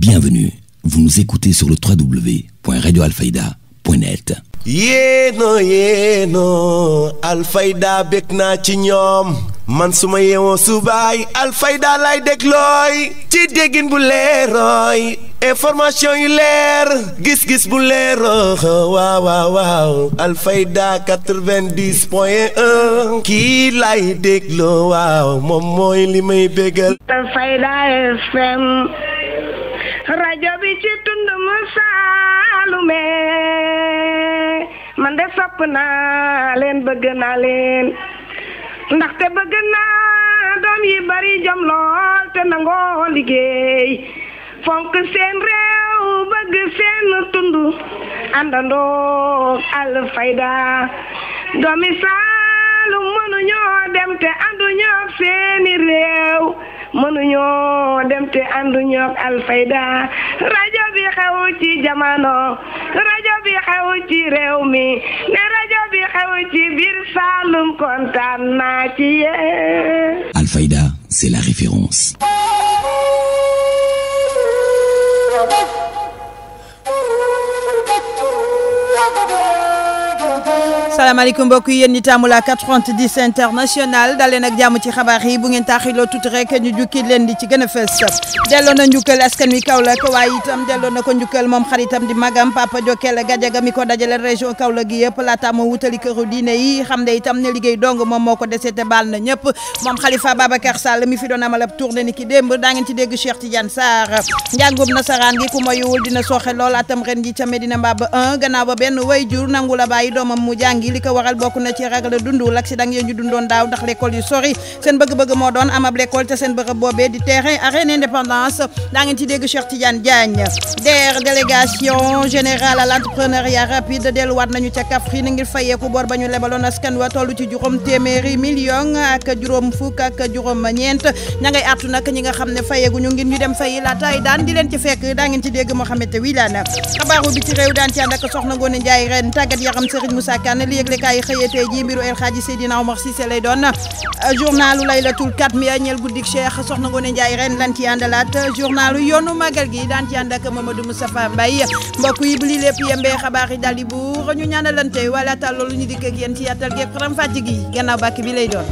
Bienvenue, vous nous écoutez sur le www.radioalfayda.net. yéeno alfayda bég naa ci ñoom man su ma yeewoo subaay alfayda lay déglooy ci déggin bu leerooy information yu leer gis-gis bu leero oh, oh, waaw waaw waaw alfayda 90 point 1 kii lay dégloo waaw moom li may bégal alfayda FM rajo bi ci tund mu saalume man de sopp naa leen bëgg naa leen ndaxte bëgg naa doom yi bari jom lool te nangoo liggéey fonk seen réew bëgg seen tund àndandoo Alfayda doomi saa Saalum mënuñoo dem te ànduñoo ak seeni réew mënuñoo dem te ànduñoo ak Alfayda rajo bi xew ci jamono rajo bi xew ci réew mi ne rajo bi xew ci biir Saalum kontaan naa ci yéen. Alfayda, c'est la référence. salaamaaleykum mbokk yi yéen ñi tàmmu la 90 international dal leen ak jàmm ci xabaar yi bu ngeen taaxiloo tuuti rek ñu jukki leen di ci gën a fës delloo na njukkal askan wi Kaolack waaye itam delloo na ko njukkal moom xaritam di magam papa Jokal Gajaga mi ko dajale région Kaolack gi yëpp laata moo wutali këru diine yi xam ne itam ne liggéey dong moom moo ko dese baal na ñëpp moom Khalifa Babacar Sall mi fi doon amal tournée ni ki démb daa ay doomam mu jàngi li ko waral bokk na ci ragal dund l'accident ya ñu dundoon daaw ndax l'école yu sori seen bëgg-bëgg moo doon am ab l'école te seen bërëb boobee di terrain arène indépendance daa ngeen ci dégg Cheikh Tidiane Diagne DER délégation générale à l'entrepreneuriat rapide delluwaat nañu ca Kaffrine ngir fayeeku bor ba ñu lebaloon askan wa toll ci juróom téeméeri million ak juróom fukk ak juróom ñeent ña xam ne fayeeguñu ngir ñu dem fayi laataay daan di leen ci fekk daa ngeen ci dégg Mouhamed Wilane xabaaru bi ci réew daan ci ànd ak Serigne Moussa Kane li yëgle kaay xëyee tey jii mbiru El Hadji Seydina Omar Cissé lay doon journalu laylatul katmiya ñeel guddik Cheikh Soxna Ngoné Ndiaye ren lan ci àndalaat journalu yoonu magal gi daan ci ànd ak Mamadou Moustapha Mbaye mbokk yi bu li lépp yembee xabaar yi daal di a ñu ñaanalante wala tal loolu ñu dikk ak yéen ci yàttal gi xaram fàcc gi gannaaw bàkk bi lay doon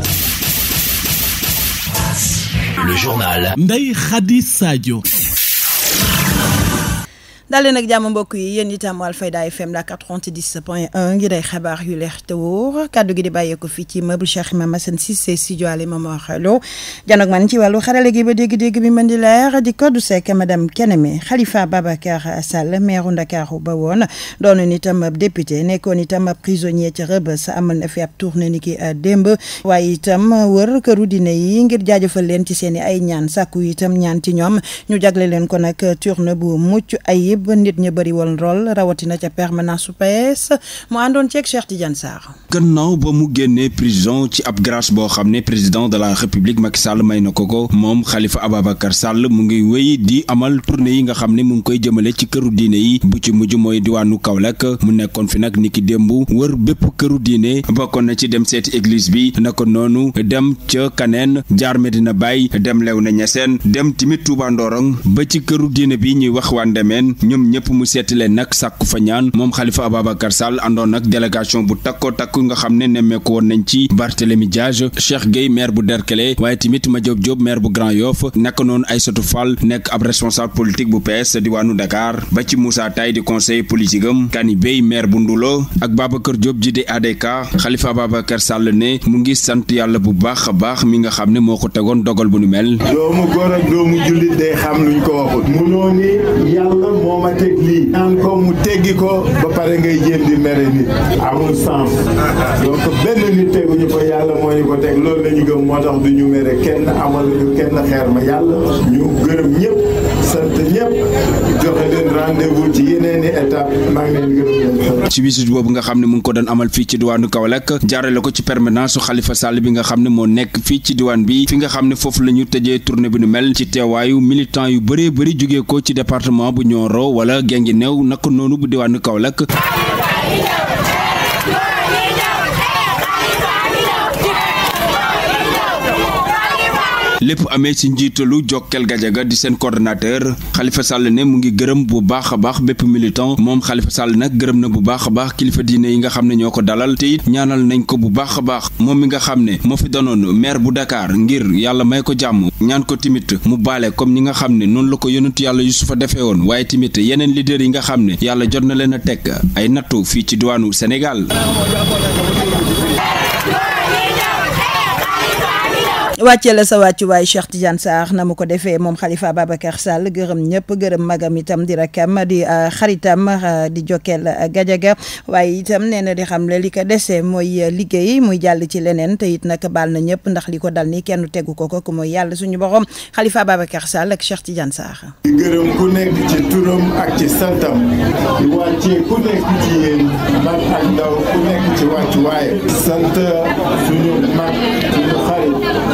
Le journal Ndeye Khady daal nag jàmm mbokk yi yéen itam fayda FM la 90 point 1 ngi day xabaar yu leex te kaddu gi di bàyyeeko fii ci ma meuble Cheikh Imam Assane Cissé studio Ali Momar Lo janoog man ci wàllu xarale gi ba dégg-dégg bi mën di leer di koddu sekk madame Keneme Khalifa Babacar Sall maire Ndakaaru ba woon doon itam ab nekkoon itam ab prisonnier ca Rebeuss amal na fi ab tournée ni ki euh, démb waaye itam wër këru dina yi ngir jaajëfal leen ci seen i ay ñaan sàkku itam ñaan ci ñoom ñu jagle leen ko nag tournée bu mucc ayib gi ba nit ña bëri woon lool rawatina mu àndoon ceeg Cheikh Tidiane Sarr. gannaaw ba mu génnee prison ci ab grâce boo xam ne président de la république Macky Sall may na ko ko moom Khalifa Ababacar Sall mu ngi wéy di amal tournée yi nga xam ni mu ngi koy jëmale ci këru diine yi bu ci mujj mooy diwaanu Kaolack mu nekkoon fi nag nikki démb wër bépp këru diine bokkoon na ci dem seeti église bi naka noonu dem ca Kaneen jaar Medina Baye dem na Niassène dem timit Touba Ndorong ba ci këru diine bi ñuy wax waa Ndemeen ñoom ñëpp mu seeti leen nag sàkku fa ñaan moom Khalifa Ababacar Sall àndoon nag délégation bu takko takku nga xam ne nemmeeku woon nañ ci Barthélémy Dias Cheikh Gueye maire bu Derklé waaye tamit Madiop Diop maire bu Grand Yoff nekk noonu Aïssatou Fall nekk ab responsable politique bu PS diwaanu Dakar ba ci Moussa Taye di conseil politique am Kani Bey maire bu Ndulo ak Babacar Diop ji di ADK Khalifa Ababacar Sall ne mu ngi sant yàlla bu baax a baax mi nga xam ne moo ko tegoon dogal bu nu mel. moo ma teg lii naan ko mu teggi ko ba pare ngay jéem di mere nit amul sens donc benn nit teguñu ko yàlla moo ñu ko teg loolu la ñu gëm moo tax du ñu mere kenn amal ñu kenn xeer ma yàlla ñu gërëm ñëpp sant ñëpp joxe ci yeneen boobu nga xam ne mu ngi ko doon amal fii ci diwaanu Kaolack jaarale ko ci permanence su Khalifa Sall bi nga xam ne moo nekk fii ci diwaan bi fi nga xam ne foofu la ñu tëjee tournée bi nu mel ci teewaayu militant yu bëree bëri jógee ko ci département bu Nioro wala Guinguinéo naka noonu bu diwaanu Kaolack lépp amee ci njiitalu Jokal Gajaga di seen coordonnateur xalifa Sall ne mu ngi gërëm bu baax a baax bépp militant moom xalifa Sall nag gërëm na bu baax a baax kilifa diine yi nga xam ne ñoo ko dalal te it ñaanal nañ ko bu baax a baax moom mi nga xam ne moo fi danoon maire bu dakaar ngir yàlla may ko jàmm ñaan ko timit mu baale comme ñi nga xam ne noonu la ko yonent yàlla Yusufa defee woon waaye timit yeneen leader yi nga xam ne yàlla jot na leen a teg ay nattu fii ci diwaanu Sénégal wàccee la sa wàccuwaay Cheikh Tidiane na mu ko defee moom Khalifa Babacar Sall gërëm ñépp gërëm magam itam di rakam di euh, xaritam euh, di Jokal euh, Gajaga waaye itam nee na di xam le li ko dese mooy liggéey muy jàll ci leneen te it nag baal na ñëpp ndax li ko dal ni kenn tegu ko ko ku mooy yàlla suñu borom Khalifa Babacar Sall ak Cheikh Tidiane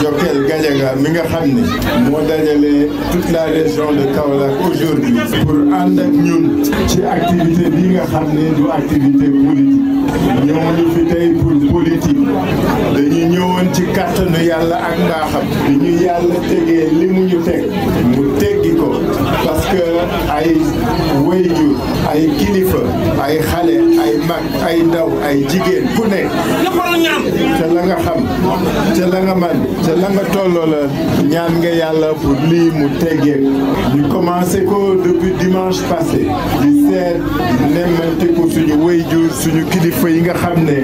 Jokel Gadiaga mi nga xam ni moo dajale toute la région de Kaolack aujourd'hui pour ànd ak ñun ci activité bi nga xam ne du activité politique ñëwuñu fi tey pour politique dañu ñëwoon ci kàttanu yàlla ak mbaaxam bi ñu yàlla tegee li mu ñu teg jéggi ko parce que ay wayjur kilifa ay xale ay mag ay ndaw ay jigéen ku nekk ca la nga xam ca la nga man ca la nga tolloo ñaan nga yàlla pour lii mu teggeek ñu commencé ko depuis dimanche passé di seet di nemmante ko suñu wayjur suñu kilifa yi nga xam ne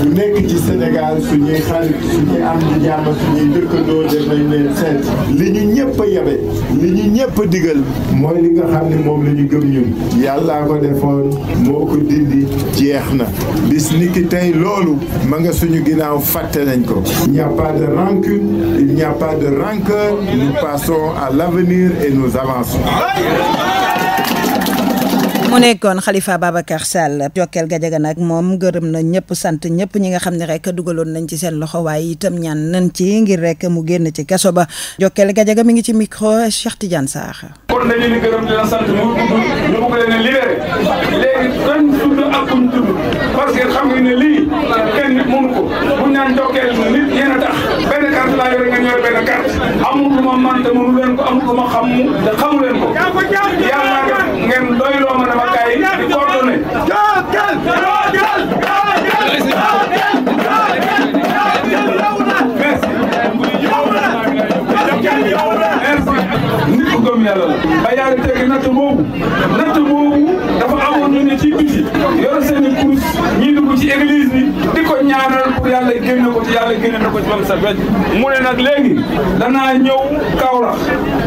bu nekk ci Sénégal suñuy xarit suñuy am di jàmm suñuy dëkkandoo def nañ leen seet li ñu ñëpp yabe li ñu ñëpp digal mooy li nga xam ne moom la ñu gëm ñun yàllaa ko defoon moo ko dindi jeex na bis ni tey loolu ma nga suñu ginnaaw fàtte nañ ko il n'y a de rancune il n'y de rancœur nous passons à l'avenir et nous avançons mu nekkoon Khalifa Babacar Sall Jokal Gajaga nag moom gërëm na ñëpp sant ñëpp ñi nga xam ne rek dugaloon nañ ci seen loxo waaye itam ñaan nañ ci ngir rekk mu génn ci kaso ba Jokal Gajaga mi ngi ci micro Cheikh Tidiane Sarr. kon dañu leen di gërëm di la sant ñu ñu nga ne lii nit mënu a tax benn carte laa yore nga ñor benn carte amul ma mën te mënu leen ko amul ma xamu leen ko. ngeen doyloo ma dama kaay di coordonné gëm yàlla la ba yàlla tegi natt boobu natt dafa amoon ñu ne ci biti yor seen i kurus ñi dugg ci église bi di ko ñaanal pour yàlla génne ko ci yàlla génne na ko ci bam sa wecc mu ne nag léegi danaa ñëw Kaolack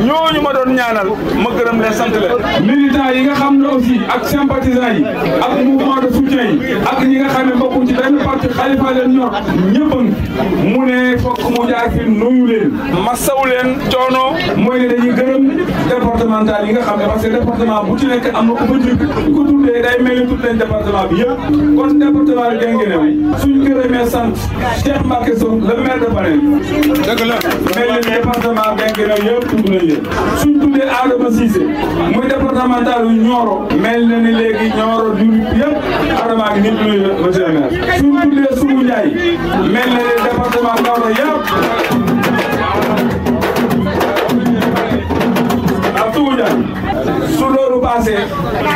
ñooñu ma doon ñaanal ma gërëm leen sant yi nga xam ne aussi ak sympathisant yi ak mouvement de soutien yi ak ñi nga xam ne bokku ci benn parti xalifa ñor ñëpp a ngi mu ne fokk mu jaar fi nuyu coono mooy ne départemental yi nga xam ne parce que département bu ci nekk am na ku fa jur ku ko tuddee day mel ni tudd nañ département bi yëpp kon département bi Guinguinéo suñu gërëmee sant Cheikh Mbacke Sow ni département Guinguinéo mel na ni léegi Nioro du yëpp Adama gi nit ñuy monsieur le maire suñ tuddee mel na ni département Nioro yëpp. tuuñal su loolu passé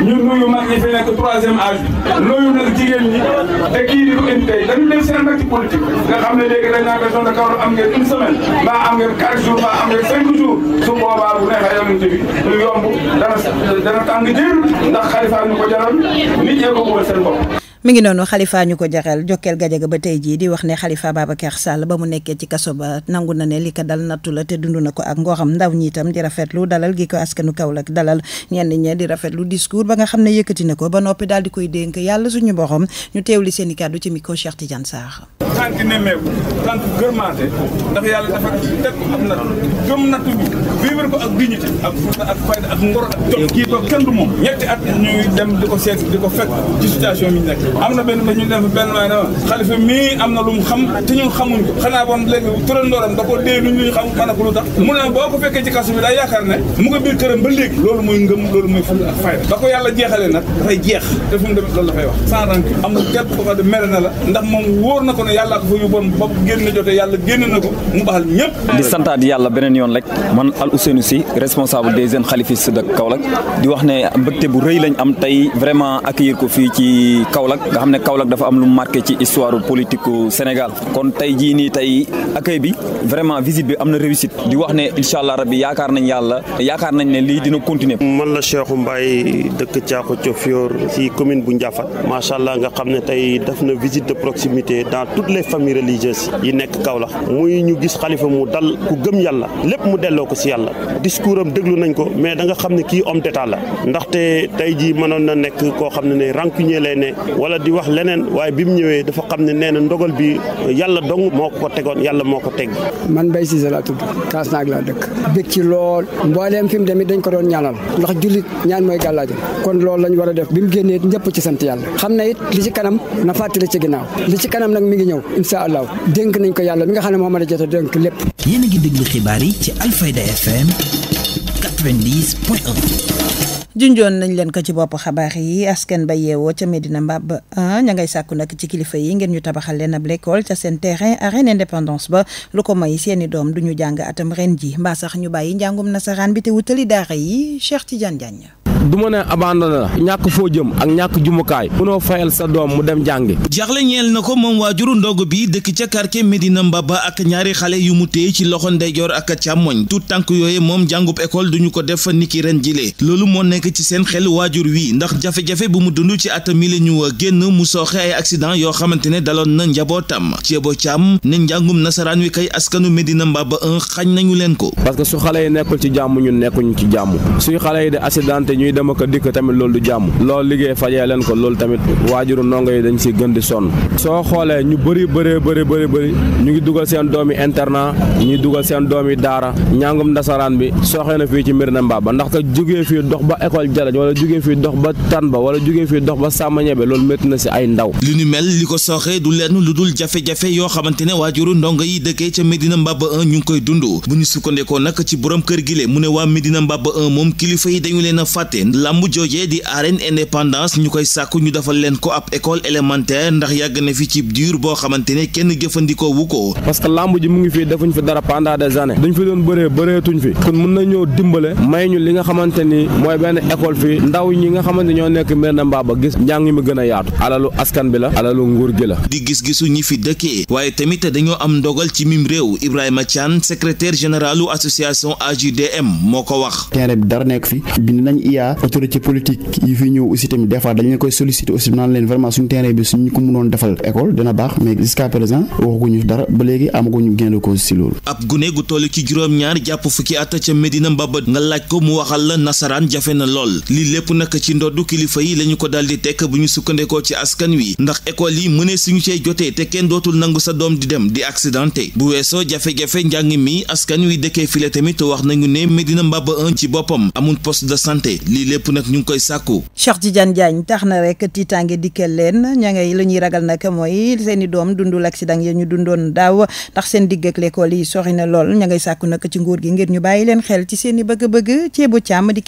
ñu nuyu mag ñi fi nekk troisième âge bi loolu jigéen ñi te kii di ko indi tey dañu dem seen parti politique nga xam ne léegi dañ naan région de Kaolack am ngeen une semaine mbaa am ngeen quatre jours mbaa am ngeen cinq jours su boobaa bu neexee yonent bi lu yomb dana dana tàng ndax xalifa ñu ko jaral nit ñee ko bëggal mi ngi noonu Khalifa ñu ko jaxel jokkeel gajaga ba tey jii di wax ne Khalifa Babacar Sall ba mu nekkee ci kaso ba nangu na ne li ko dal nattu la te dund na ko ak ngoxam ndaw ñi itam di rafetlu dalal gi ko askanu Kaolack dalal ñenn ñi di rafetlu discours ba nga xam ne yëkkati na ko ba noppi daal di koy dénk yàlla suñu borom ñu teewli seen i kàddu ci micro Cheikh Tidiane Sarr. tànk nemmeeku tànk gërmaate ndax yàlla dafa teg ko am nattu gëm nattu bi vivre ko ak dignité ak fulla ak fayda ak ngor ak jom kii ko kenn du moom ñetti at ñuy dem di ko seet di ko fekk ci situation mi nekk am na benn ba ñu def benn waay na xalifa mii am na lu mu xam te ñun xamuñ ko xanaa bon léegi turandooram ko dee lu ñu xam man ko lu tax mu ne boo ko fekkee ci kaso bi daa yaakaar ne mu nga biir këram ba léegi loolu mooy ngëm loolu mooy ful ak fayda ba ko yàlla jeexalee nag dafay jeex te fu mu demee loolu la fay wax sans ranke amul képp ko la ndax moom wóor na ko ne yàllaa ko fa yóbboon ba génn jotee yàlla génn na ko mu baxal ñëpp di santaat yàlla beneen yoon rek man Al Ousseynou Sy responsable des jeunes xalifistes de Kaolack di wax ne mbëgte bu rëy lañ am tey vraiment ak accueillir ko fii ci Kaolack Sénégal nga xam ne Kaolack dafa am lu marqué ci histoire politique Sénégal kon tey jii nii tey accueil bi vraiment visite bi am na réussite di wax ne incha allah rabbi yaakaar yaakaar nañ ne lii dina continuer. man la Cheikhou Mbaye dëkk Thiako Thiofior ci commune bu Ndiaffate macha allah nga xam ne tey def na visite de proximité dans toutes les familles religieuses yi nekk Kaolack muy ñu gis xalifa mu dal ku gëm yàlla lépp mu delloo ko ci yàlla discours am déglu nañ ko mais da nga xam ne kii homme d'état wala di wax leneen waaye bi mu ñëwee dafa xam ne nee na ndogal bi yàlla dong moo ko ko tegoon yàlla moo ko teg. man Mbaye Cissé laa tudd kaas naag laa dëkk. bëgg ci lool mbooleem fi mu demit dañ ko doon ñaanal ndax jullit ñaan mooy gàllaajam kon loolu lañ war a def bi mu génnee ñëpp ci sant yàlla xam na it li ci kanam na fàttali ci ginnaaw li ci kanam nag mi ngi ñëw incha allah dénk nañ ko yàlla mi nga xam ne moo mën a jot a dénk lépp. yéen a ngi déglu xibaar yi ci Alfayda FM 90 junjoon nañ leen ko ci bopp xabaar yi askan ba yeewoo ca Medina Mbab ña ngay sàkku nag ci kilifa yi ngeen ñu tabaxal leen ab l'école ca seen terrain arène indépendance ba lu ko may seeni doom du ñu jàng atam ren ji mbaa sax ñu bàyyi njàngum nasaraan bi te wutali daara yi Cheikh Tidiane Diagne. du ma ne abandonné la ñàkk foo jëm ak ñàkk jumukaay mënoo fayal sa doom mu dem jàngi jaaxle ñeel na ko moom waajuru ndog bi dëkk ca quartier Medina Mbaba ak ñaari xale yu mu téye ci loxo ndeyjoor ak càmmoñ tout tànk yooye moom jàngub école duñu ko def niki ren jile loolu moo nekk nekk ci seen xel waajur wi ndax jafe-jafe bu mu dund ci atam mi la ñu génn mu sooxe ay accident yoo xamante ne daloon na njabootam Thiébo Thiam ne njàngum nasaraan wi kay askanu Medina Mbaba 1 xañ nañu leen ko parce que su xale yi nekkul ci jàmm ñun nekkuñu ci jàmm suy xale yi di accidenté ñuy dem ak dikk tamit loolu du jàmm loolu liggéey fajee leen ko loolu tamit waajuru ndongo yi dañ si gën di sonn soo xoolee ñu bëri bëri bëri bëri bëri ñu ngi dugal seen doomi internat ñuy dugal seen doomi daara njàngum nasaraan bi sooxee na xool jalaj wala jógee fii dox ba tan ba wala jógee fii dox ba sàmm ñebe loolu métti na si ay ndaw li ñu mel li ko sooxee du lenn lu dul jafe-jafe yoo xamante waajuru ndongo yi dëkkee ca Médina Mbaba 1 ñu ngi koy dund bu ñu sukkandekoo nag ci borom kër gi le mu ne waa Médina Mbaba 1 moom kilifa yi dañu leen a fàtte làmb joojee di arène indépendance ñu koy sàkku ñu defal leen ko ab école élémentaire ndax yàgg na fi ci diir boo xamante ne kenn jëfandikoo wu ko parce que làmb benn école fii ndaw ñi nga xamante ñoo nekk Médina Mbaba gis njàng mi gën a yaatu alalu askan bi la alalu nguur gi la di gis-gisu ñi fi dëkkee waaye tamit dañoo am ndogal ci mim réew Ibrahima Thian secrétaire généralu association AJDM moo ko wax terrain bi dara nekk fi bind nañ iyaa autorité politique yi fi ñëw aussi tamit des dañu koy solliciter aussi naan leen vraiment suñu terrain bi suñu ko mënoon defal école dina baax mais jusqu'à présent waxaguñu si loolu ab gune gu toll ci ko lool lii lépp nag ci ndoddu kilifa yi lañu ko daldi tekk bu ñu sukkandekoo ci askan wi ndax école yi mënee suñu cey jotee te kenn dootul nangu sa doom di dem di accidenté bu weesoo jafe-jafe njàng mi askan wi dëkkee file tamit wax nañu ne Médina Mbaba 1 ci boppam amul poste de santé lii lépp nag ñu ngi koy sàkku Cheikh Tidiane Diagne tax na rek tiitaange dikkal leen ña ngay la ñuy ragal nag mooy seen i doom dundul accident ya ñu dundoon daaw ndax seen digg ak l'école yi sori na lool ña ngay sàkku nag ci gi ngir ñu bàyyi leen xel i bëgg-bëgg ceebu càmm di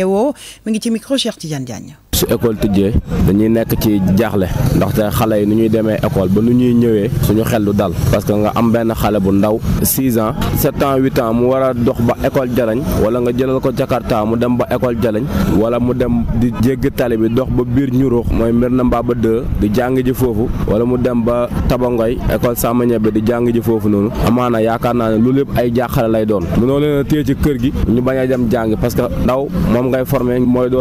yeewoo mu ngi ci micro Cheikh Tidiane Diagne. su école tijjee dañuy nekk ci jaaxle ndaxte xale yi nu ñuy demee école ba nu ñuy ñëwee suñu xel du dal parce que nga am benn xale bu ndaw 6 ans 7 ans 8 ans mu war a dox ba école jalañ wala nga jëlal ko Jakarta mu dem ba école jalañ wala mu dem di jégg tali bi dox ba biir ñuruux mooy Mbirna Mbaba 2 di jàng ji foofu wala mu dem ba Tabangoy école Samba Ñebe di jàng ji foofu noonu amaana yaakaar naa ne loolu lépp ay jaaxale lay doon mënoo leen a téye ci a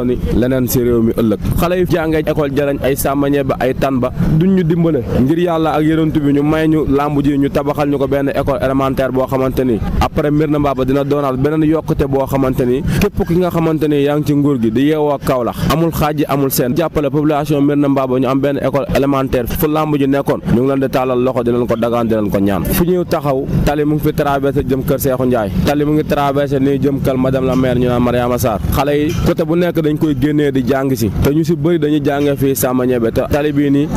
dem mi ëllëg xale yi jàngee école jarañ ay sàmmañee ba ay tan ba duñ ñu dimbale ngir yàlla ak yërëntu bi ñu may ñu làmb ji ñu tabaxal ñu ko benn école élémentaire boo xamante ni après Médina Mbaba dina doonaat beneen yokkute boo xamante ni képp ki nga xamante ni yaa ngi ci nguur gi di yeewoo Kaolack amul xaaji amul seen jàppale population Médina Mbaba ñu am benn école élémentaire fu làmb ji nekkoon ñu ngi leen di tàllal loxo di leen ko dagaan di leen ko ñaan fu ñuy taxaw tali mu ngi fi traversé jëm kër Seexu Njaay tali mu ngi traversé nii jëm kër madame la maire ñu naan Mariama Sarr xale yi côté bu nekk dañ koy génnee di jàng si te ñu si bëri dañuy jànge fii Samba te tali bii nii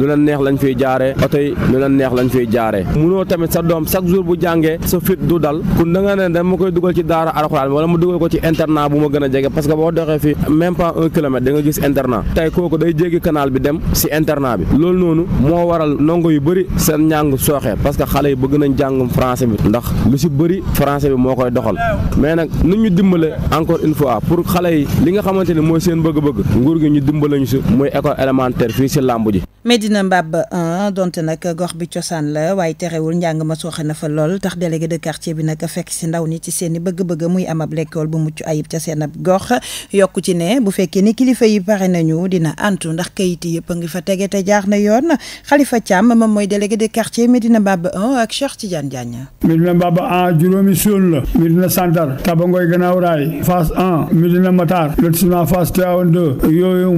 leen neex lañ fiy jaaree oto yi lu leen neex lañ fiy jaaree munoo tamit sa doom chaque jour bu jàngee sa fit du dal kun da nga ne dama koy dugal ci daara alxuraan wala mu dugal ko ci internat bu ma gën a jege parce boo doxee fii même pas un kilomètre gis internat tey kooku day jéggi canal bi dem si internat bi loolu noonu moo waral ndongo yu bëri seen njàng sooxee parce que xale yi bëgg nañ jàngum français bi ndax lu si bëri français bi moo koy doxal mais nag nu ñu dimbale encore bëgg nguur gi ñu dimbalañu si muy école élémentaire fii si làmb ji Medina Mbab 1 donte nag gox bi cosaan la waaye terewul njàng ma sooxe na fa lool tax délégué de quartier bi nag fekk si ndaw ni ci seen i bëgg-bëgg muy am ab lekkool bu mucc ayib ca seen ab gox yokku ci ne bu fekkee ni kilifa yi pare nañu dina antu ndax kayit yëpp a ngi fa tege te jaax na yoon Khalifa Thiam ma mooy délégué de quartier Medina Mbab 1 ak Cheikh Tidiane Diagne. Medina Mbab 1 juróomi suul la. Medina Santar. Tabangoy Gannaaw Raay. Fass 1. Medina Matar. lotissement Fass Tivaouane 2. yooyu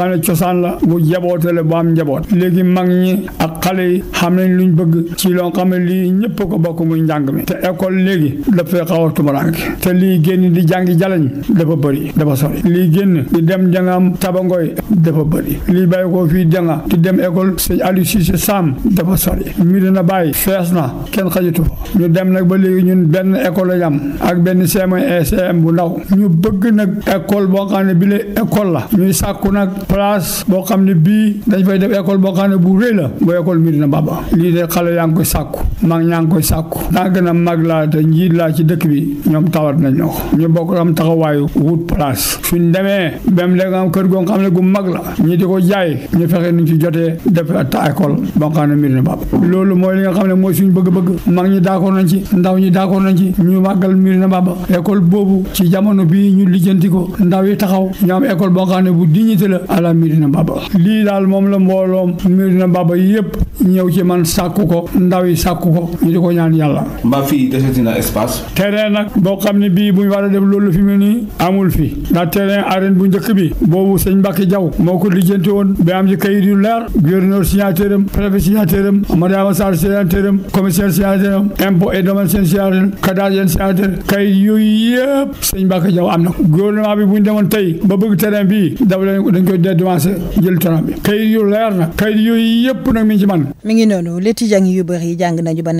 xam ne cosaan la bu jaboote la bu am njaboot léegi mag ñi ak xale yi xam nañ luñ bëgg ci loo xam ne lii ñëpp ko bokk muy njàng mi te école léegi dafay xaw a te lii génn di jàngi jalañ dafa bëri dafa sori lii génn di dem jangaam tabangoy dafa bëri lii bàyyi ko fii janga di dem école sëñ alisi Cissé Sam dafa sori mi dina bàyyi fees na kenn xajutu ñu dem nag ba léegi ñun benn école la ak benn CM e bu ndaw ñu bëgg nag école boo xam ne bi la la ñuy sàkku nag place boo xam ne bii dañ fay def école boo xam ne bu rëy la bu école Médina Baba lii de xale yaa ngi koy sàkku mag ñaa ngi koy sàkku a mag laa te njiit laa ci dëkk bi ñoom tawat nañ ko ñu am taxawaayu wut place mag la ñi di ko jaay ñu fexe nuñ ci jotee def ta école boo xam ne Médina Baba loolu li nga xam ne mooy suñ bëgg-bëgg mag ñi d'accord nañ ci ndaw ñi d'accord nañ ci ñu màggal Médina Baba école boobu ci jamono bii ñu lijjanti ko ndaw yi taxaw ñoom école boo xam ne bu dignité la ala Medina Baba lii daal moom la mbooloom Medina Baba yépp ñëw ci man sàkku ko ndaw yi ko ñu di ko ñaan yàlla mbaa fii deseti na espace terrain nag boo xam ne bii bu war a def loolu fi mu nii amul fi ndax terrain arène bu njëkk bi boobu sëñ Mbacke Diaw moo ko lijjanti woon ba am ci kayit yu leer gouverneur signataire am préfet signataire am madame Sarr signataire am commissaire signataire am seen signataire am cadastre yéen signataire kayit yooyu yëpp sëñ Mbacke Diaw am na gouvernement bi bu ba bëgg terrain dalee devancé jël coono bi kayit yu leer na kayit yooyu yëpp nag mi ngi ci man mi ngi noonu étudiants am euh,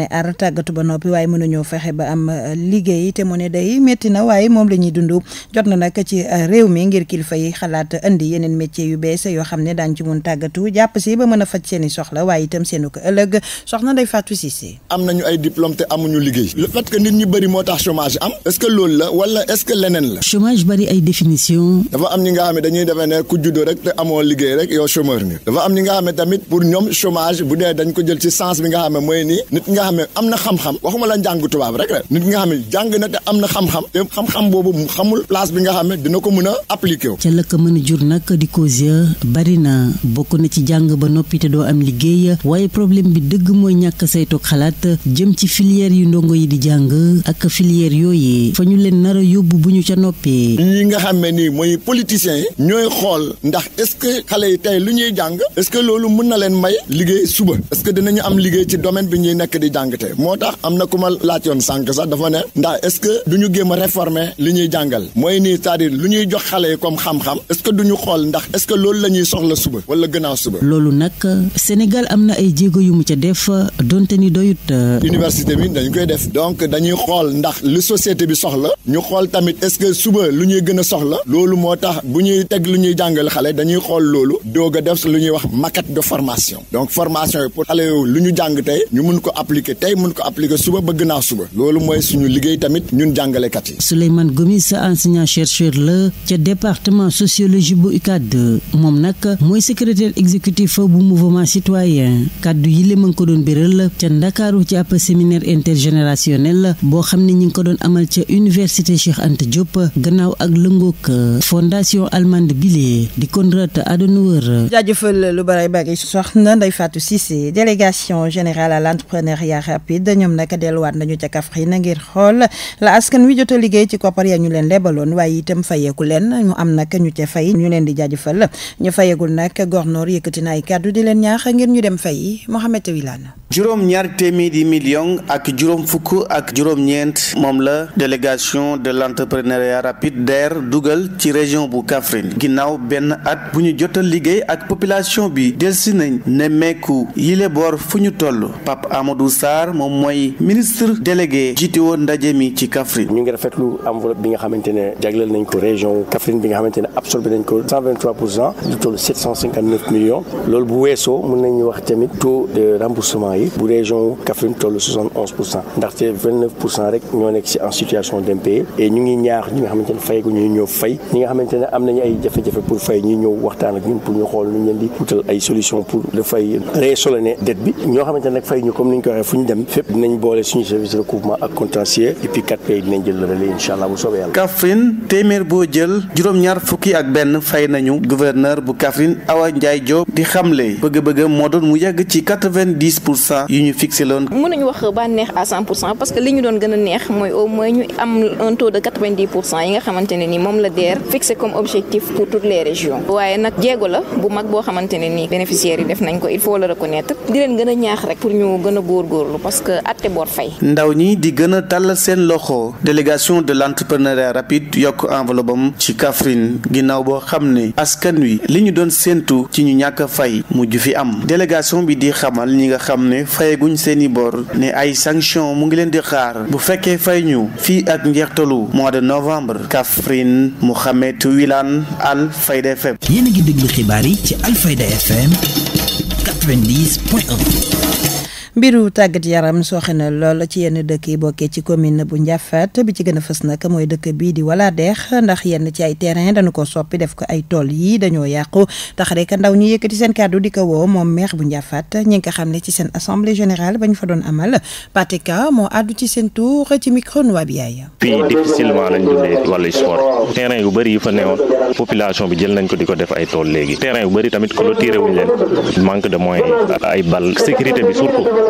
na waaye la ñuy dund jot na nag ci euh, réew mi ngir kilifa yi yu yoo xam ne daañu ci mun tàggatu jàpp si ba mën a faj seen i soxla waaye itam seenu ko ëllëg soxna day Fatou Cissé am nañu ay diplôme te amuñu liggéey le fait que nit ñi bëri moo tax chômage am est-ce la wala est leneen la chômage bëri ay définition dafa am ñi nga xam ne dañuy defee ne ku rek rek te amoo liggéey rek yow chômeur nga dafa am ñi nga xam ne tamit pour ñoom chômage bu dee dañ ko jël ci sens bi nga xam mooy nii nit nga xam am na xam-xam waxuma la njàng tubaab rek nit nga xam jàng na te am na xam-xam te xam-xam boobu xamul place bi nga xam dina ko mën a appliqué wu ca la ko mën a jur nag di cause bari na bokk na ci jàng ba noppi te doo am liggéey waaye problème bi dëgg mooy ñàkk saytoog xalaat jëm ci filière yu ndongo yi di jàng ak filière yooyu fa ñu leen nar bu ñu ca noppee yi nga xam ne mooy politiciens yi ñooy xool ndax est-ce que xale yi tey lu ñuy jàng est-ce que loolu mën na leen may liggéey suba est-ce que dinañu am liggéey ci domaine bi ñuy nekk di jàng tey moo tax am na ku ma laaj yoon sànq sax dafa ne ndax est-ce que du ñu géem a réformer li ñuy jàngal mooy nii cest lu ñuy jox xale yi comme xam-xam est-ce que du ñu xool ndax est-ce que loolu la soxla suba wala gënaaw suba. loolu nag Sénégal am na ay jéego yu mu ca def donte ni euh, bi dañ koy def donc dañuy xool ndax lu société bi soxla ñu xool tamit est que suba lu ñuy gën a soxla loolu moo tax bu ñuy teg lu ñuy jàngal xale mais dañuy xool loolu doog a def lu ñuy wax maquette de formation donc formation yi pour xale yow lu ñu jàng tey ñu mun ko appliquer tey mun ko appliquer suba bëgg naa suba loolu mooy suñu liggéey tamit ñun jàngalekat yi. Souleymane Gomis enseignant chercheur la ca département sociologie bu kadd moom nag mooy secrétaire exécutif bu mouvement citoyen kaddu yi la ma ko doon béral ca Ndakaaru ci ab séminaire intergénérationnel boo xam ne ñi ngi ko doon amal ca université Cheikh Anta Diop gannaaw ak lëngoog fondation allemande Koundrat àdduna wër. jaajëfal lu bari bari soxna Ndeye Fatou Cissé délégation générale à l' entrepreneuriat rapide ñoom nag delluwaat nañu ca Kaffrine ngir xool la askan wi jot liggéey ci koppar ya ñu leen lebaloon waaye itam fayeeku leen ñu am nag ñu ca fay ñu leen di jaajëfal ñu fayegul nag gornoor yëkkati na kàddu di leen ñaax ngir ñu dem fay Mohamed Wilane. juróom ñaar téeméeri million ak juróom fukk ak juróom ñeent moom la délégation de l' entrepreneuriat rapide DER bu Kaffrine at bu ñu jotal liggéey ak population bi delsi nañ ne mekku yile boor fu ñu toll Pape Amadou Sarr moom mooy ministre délégué jiite woon ndaje mi ci Kaffrine. ñu ngi rafetlu enveloppe bi nga xamante ne jagleel nañ ko région Kaffrine bi nga xamante ne absorbé nañ ko 123 pour cent lu toll 759 millions loolu bu weesoo mën nañu wax tamit taux de remboursement yi bu région Kaffrine toll 71 pour cent ndaxte 29 pour cent rek ñoo nekk ci en situation d'impayé et ñu ngi ñaax ñi nga xamante ne fay gu ñëw fay ñi ñëw waxtaan ak ñun pour ñu xool ñu leen di wutal ay solution pour dafay rééchelonner dette ñoo xamante ne nag fay ñu comme ni ñu ko waxee fu ñu dem boole suñu service de recouvrement ak contentieux et puis 4 pays juróom-ñaar fukki ak benn fay nañu gouverneur bu Kaffrine Awa Ndiaye Diop di xamle bëgg-bëgg moo doon mu yàgg ci 90 pour cent yu ñu fixé loon. mënuñu wax bànneex à 100 parce que li ñu doon gën a neex mooy au moins ñu am un taux de xamante ne ni moom la DER fixé comme objectif pour toutes les régions waaye nag jéego la bu mag boo xamante ne nii bénéficiaires yi def nañ ko il faut le reconnaître di leen gën a ñaax rek pour ñu gën a góorgóorlu parce que atte boor fay. ndaw ñi di gën a tàllal seen loxo délégation de l' entrepreneuriat rapide yokk enveloppe am ci Kaffrine ginnaaw boo xam ne askan wi li ñu doon séentu ci ñu ñàkk a fay mujj fi am délégation bi di xamal ñi nga xam ne fayaguñ seen i boor ne ay sanction mu ngi leen di xaar bu fekkee fay ñu fii ak njeextalu mois de novembre Kaffrine Mouhamed yéen a ngi déglu xibaar yi ci Alfayda FM 90 point 1 mbiru tàggat yaram sooxe na lool ci yenn dëkk yi bokkee ci commune bu Ndiaffate bi ci gën a fës nag mooy dëkk bii di Waladeex ndax yenn ci ay terrain dañu ko soppi def ko ay tool yi dañoo yàqu tax rek ndaw ñi yëkkati seen kàddu di ko woo moom meex bu Ndiaffate ñi ko xam ne ci seen assemblée général ba ñu fa doon amal Patika moo àddu ci seen tour ci micro Noa bi yaay. fii difficilement lañ dundee wàllu sport terrain yu bëri yi fa newoon population bi jël nañ ko di ko def ay tool léegi terrain yu bëri tamit clôturé wuñ leen manque de moyens ay bal sécurité bi surtout.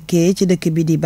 dëkkee ci dëkk bi di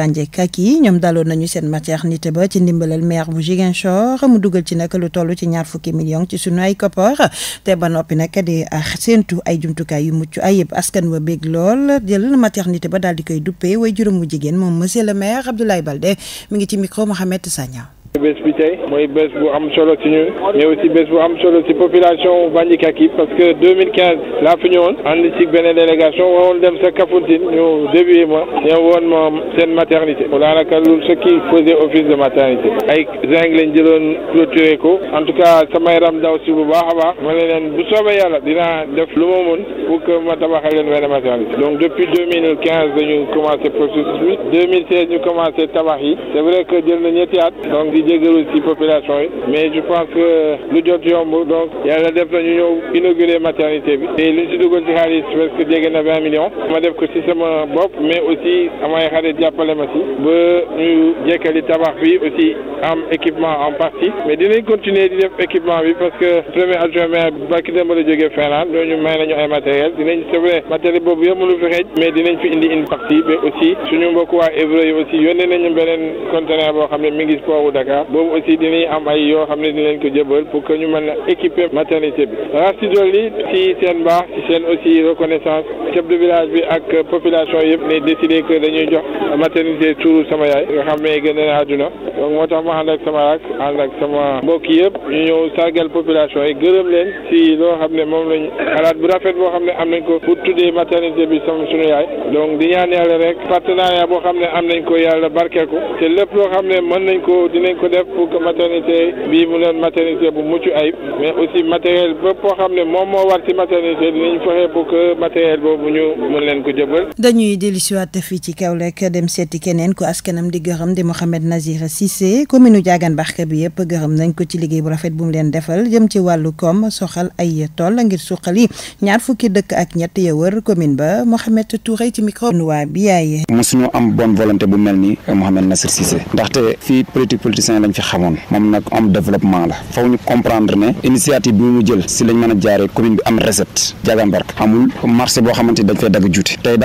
yi ñoom daloon nañu seen maternité ba ci ndimbalal maire bu Ziguinchor mu dugal ci nag lu toll ci ñaar fukki millions ci sunu ay koppar te ba noppi nag di ah, séentu ay jumtukaay yu mucc ayib askan wa bég lool jël maternité ba daal di koy duppee way juróom mu jigéen moom monsieur le maire Abdoulaye Baldé mu ngi ci micro Mohamed Sagna. bés bi tey mooy bés bu am solo ci ñun mais aussi bés bu am solo ci population Bandikak yi parce que 2015 laa fi ñëwoon ànd ci benn délégation waroon dem sa Kafountine ñu débuté ma ñëw woon a seen maternité daanaka lu ce qui faisait de maternité ay zinc lañ jëloon clôturé ko en tout cas sama bu baax a baax ma ne leen bu soobee yàlla dinaa def lu ma mën pour que ma tabaxal leen benn maternité donc depuis 2015 dañu commencé processus bi 2016 ñu commencé tabax yi c'est vrai que jël na jégalu ci population yi mais je pense que lu jot yomb donc yàlla def na ñu ñëw inauguré maternité bi te li ñu si duggoon ci xaalis parce que jege na vingt millions ma def ko ci sama bopp mais aussi amay xarit jàppale ma si ba ñu jekkali tabax bi aussi am équipement en partie mais dinañ continuer di def équipement bi parce que premier adjoint maire bàkki dama la jógee Finlande ñooñu may nañu ay matériel dinañ c'est vrai matériel boobu yëpp mënu fi xeej mais dinañ fi indi une partie mais aussi suñu mbokk waa Évreux yi aussi yónnee nañu beneen conteneur boo xam ne mi Touba boobu aussi dinañ am ay yoo xam ne dinañ leen ko jëbal pour que ñu mën a équiper maternité bi rax ci dolli ci seen baax ci seen aussi reconnaissance chef de village bi ak population yëpp ne décidé que dañuy jox maternité turu sama yaay nga xam ne gën na àdduna donc moo tax ma ànd ak sama rak ànd ak sama mbokk yëpp ñu ñëw sargal population yi gërëm leen ci loo xam ne moom lañ xalaat bu rafet boo xam ne am nañ ko pour tuddee maternité bi sama sunu yaay donc di ñaan yàlla am nañ ko yàlla barkeel ko ko def pour que maternité bii mu doon maternité bu mucc ayib mais aussi matériel bépp moom moo war ci maternité dinañ fexe pour que matériel boobu ñu ko jëbal dañuy dellusiwaat fii ci Kaolack dem seeti keneen ko askanam di gërëm di Mouhamed Nazir Cissé commune Diagane Barka bi yëpp gërëm nañ ko ci liggéey bu rafet bu mu leen defal jëm ci wàllu koom soxal ay tool ngir suqali ñaar fukki dëkk ak ñett ya wër commune ba Mouhamed Touré ci micro bi yaay mosuñu am bonne volonté bu mel ni Mouhamed médecin lañ fi xamoon moom nag am développement la faw ñu comprendre ne initiative bi mu jël si lañ mën a jaaree commune bi am recette Diagambert amul marché boo xamante dañ fay dagg juuti tey d'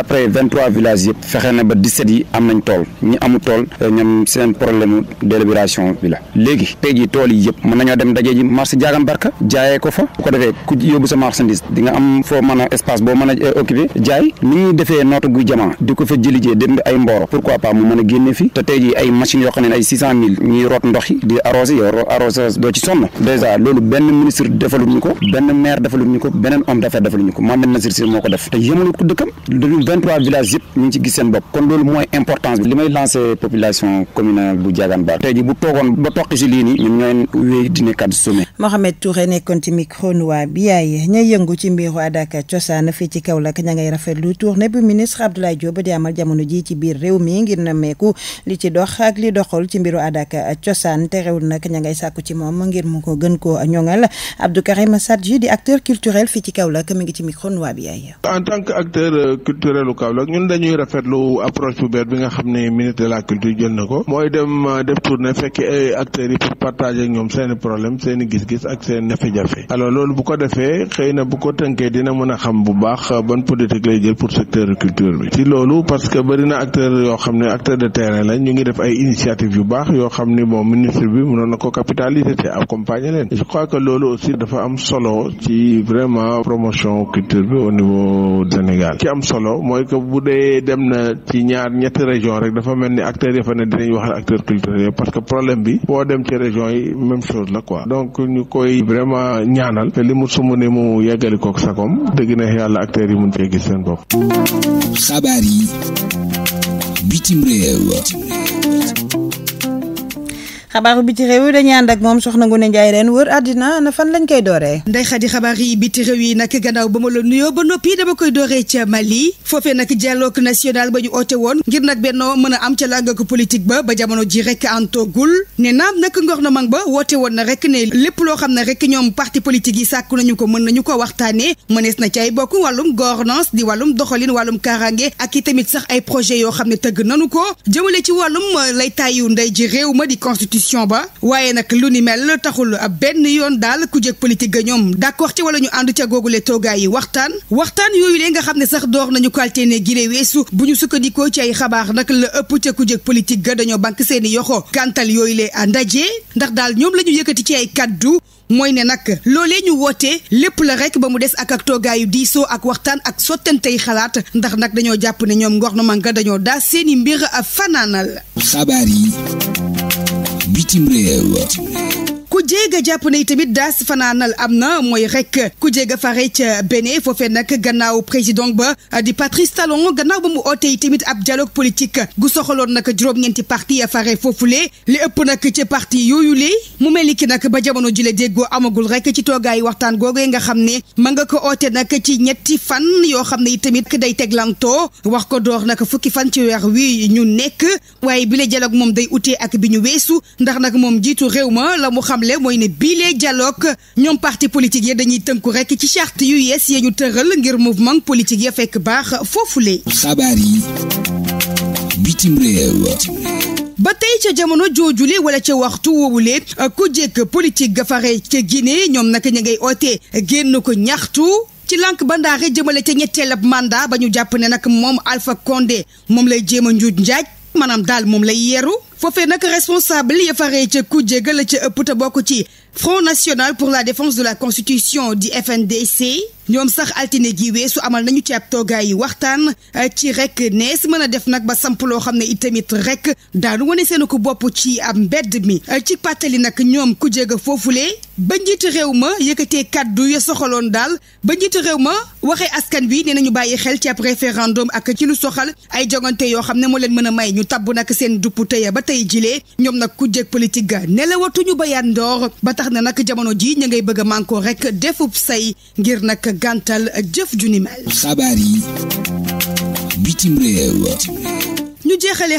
euh, tool yi yëpp mën nañoo dem dajee ji marché Diagambert jaayee ko fa ko defee ku yóbbu sa marchandise di am foo mën a espace boo mën a euh, occupé jaay ni ñuy defee nootu guy jamaa di ko fa jëlijee dem ay mbooro pourquoi pas mu mën a génne fi te tey ay machines root ndox yi doo ci sonn dèjà loolu benn ministre defaluñ ko benn maire defaluñ ñu ko beneen homme d'affaires defaluñ ñu ko Mohamed Nazir Sy moo ko def te yemalut ko dëkkam bu Diagane Ba tey lii nii ñun ñooy wéy dina kaddu sommet Mohamed Touré nekkoon ci micro Noa Biaye ña yëngu ci mbiru aada cosaan fii ci Kaolack ña ngay rafetlu tournée bu ministre Abdoulaye Diop di amal jamono ji ci biir réew mi ngir na meeku li ci dox ak li doxal cosaan terewul nag ña ngay sàkku ci moom ngir mu ko gën koo ñoŋal Abdou Karim Sadji di acteur culturel fii ci Kaolack mi ngi ci micro waa bi yaay en tant que acteur euh, culturel u Kaolack ñun dañuy rafetlu approche bu beer bi nga xam ne ministre de la culture jël na ko mooy dem euh, def tournée fekk ay acteurs yi pour partager ñoom seeni problème seeni gis-gis ak seen jafe-jafe alors loolu bu ko defee xëy na bu ko tënkee dina mën a xam bu baax euh, ban moom ministre bi mënoon na ko capitaliser te accompagner leen je crois que loolu aussi dafa am solo ci vraiment promotion culture bi au niveau Sénégal ci am solo mooy que bu dee dem na ci ñaar ñetti région rek dafa mel ni acteur yi fa ne dinañ wax acteurs culturels parce que problème bi boo dem ci région yi même chose la quoi donc ñu koy vraiment ñaanal te li mu sumb ne mu yeggali kook sakom dëgg na yàlla acteurs yi mun cee gis seen bopp xabaar xabaaru biti réew yi dañuy ànd ak moom soxna Ngoné Ndiaye ren wër àddina na fan lañ koy dooree. ndey xadi xabaar yi biti réew yi nag gannaaw ba ma la nuyoo ba noppi dama koy dooree ca Mali foofee nag dialogue national ba ñu oote woon ngir nag bennoo mën a am ca ko politique ba ba jamono ji rek antoogul ne naam nag ngornement ba woote woon na rek ne lépp loo xam ne rek ñoom parti politique yi sàkk nañu ko mën nañu ko waxtaanee mënees na ci ay bokk wàllum gouvernance di wàllum doxalin wàllum kaaraange ak i tamit sax ay projet yoo xam ne tëgg nanu ko jëmale ci wàllum lay taayu ndey ji réew ma di constitution constitution ba waaye nag lu ni mel taxul benn yoon daal ku jég politique ga ñoom d'accord ci wala ñu ànd ca googule toogaay yi waxtaan waxtaan yooyu lee nga xam ne sax door nañu kalteene gi weesu bu ñu sukkandikoo ci ay xabaar nag la ëpp ca ku jég ga dañoo bank seeni yoxo gàntal yooyu lee ndaje ndax daal ñoom la ñu yëkkati ci ay kaddu mooy ne nag loolee ñu wootee lépp la rek ba mu des ak ak toogaayu diisoo ak waxtaan ak sottantey xalaat ndax nag dañoo jàpp ne ñoom gouvernement ga dañoo daas seeni mbir a fanaanal xabaar yi bitim réew ku jéega jàpp ne tamit daas fanaanal am na mooy rek ku jéega fare ca Bénin foofee nag gannaaw président ba di Patrice Talon gannaaw ba mu ootee tamit ab dialogue politique gu soxaloon nag juróom-ñeenti parti fare foofule li ëpp nag ci parti yooyu li mu mel ni ki nag ba jamono jile déggoo amagul rek ci toogaay waxtaan googee nga xam ne ma nga ko oote nag ci ñetti fan yoo xam ne yi tamit day teglantoo wax ko door nag fukki fan ci weex wi ñu nekk waaye bile dialogue moom day utee ak bi ñu weesu ndax nag moom jiitu réew mooy ne biilee dialogue ñoom parti politique yi dañuy tënku rek ci charte yu yees yee ñu tëral ngir mouvement politique ya fekk baax foofu lee yi bitim réew. ba tey ca jamono jooju joojule wala ca waxtu woowu woowule ku jekk politique ga fare ca Guinée ñoom naka ña ngay oote génn ko ñaxtu ci lànk bandaare jëmale ca ñetteel ab mandat ba ñu jàpp ne nag moom Alpha Condé moom lay jéem a njuuj njaaj maanaam daal moom lay yeeru foofee nag responsable ya faree ca kujje ca ëpp te bokk ci Front National pour la Défense de la Constitution di FNDC ñoom sax altine gi weesu amal nañu ci ab toogaayu waxtaan eh, ci rek nees mën a def nag ba samp loo xam ne itamit rek daanu wane seen ko bopp ci ab mbedd mi eh, ci pàttali nag ñoom ku jeg foofu foofulee ba njiitu réew ma yëkkatee kàddu ya soxaloon daal ba njiitu réew ma waxee askan wi nee nañu bàyyi xel ci ab référendum ak ci lu soxal ay jongante yoo xam ne moo leen mën a may ñu tabb nag seen dupp tey ba tey jilee ñoom nag ku jég politique ga nelawatuñu ba yandoor ba tax na nag jamono ji ñu ngay bëgg a mànkoo rek defub say ngir nag gàntal jëf ju ni mel. xabaar yi bitim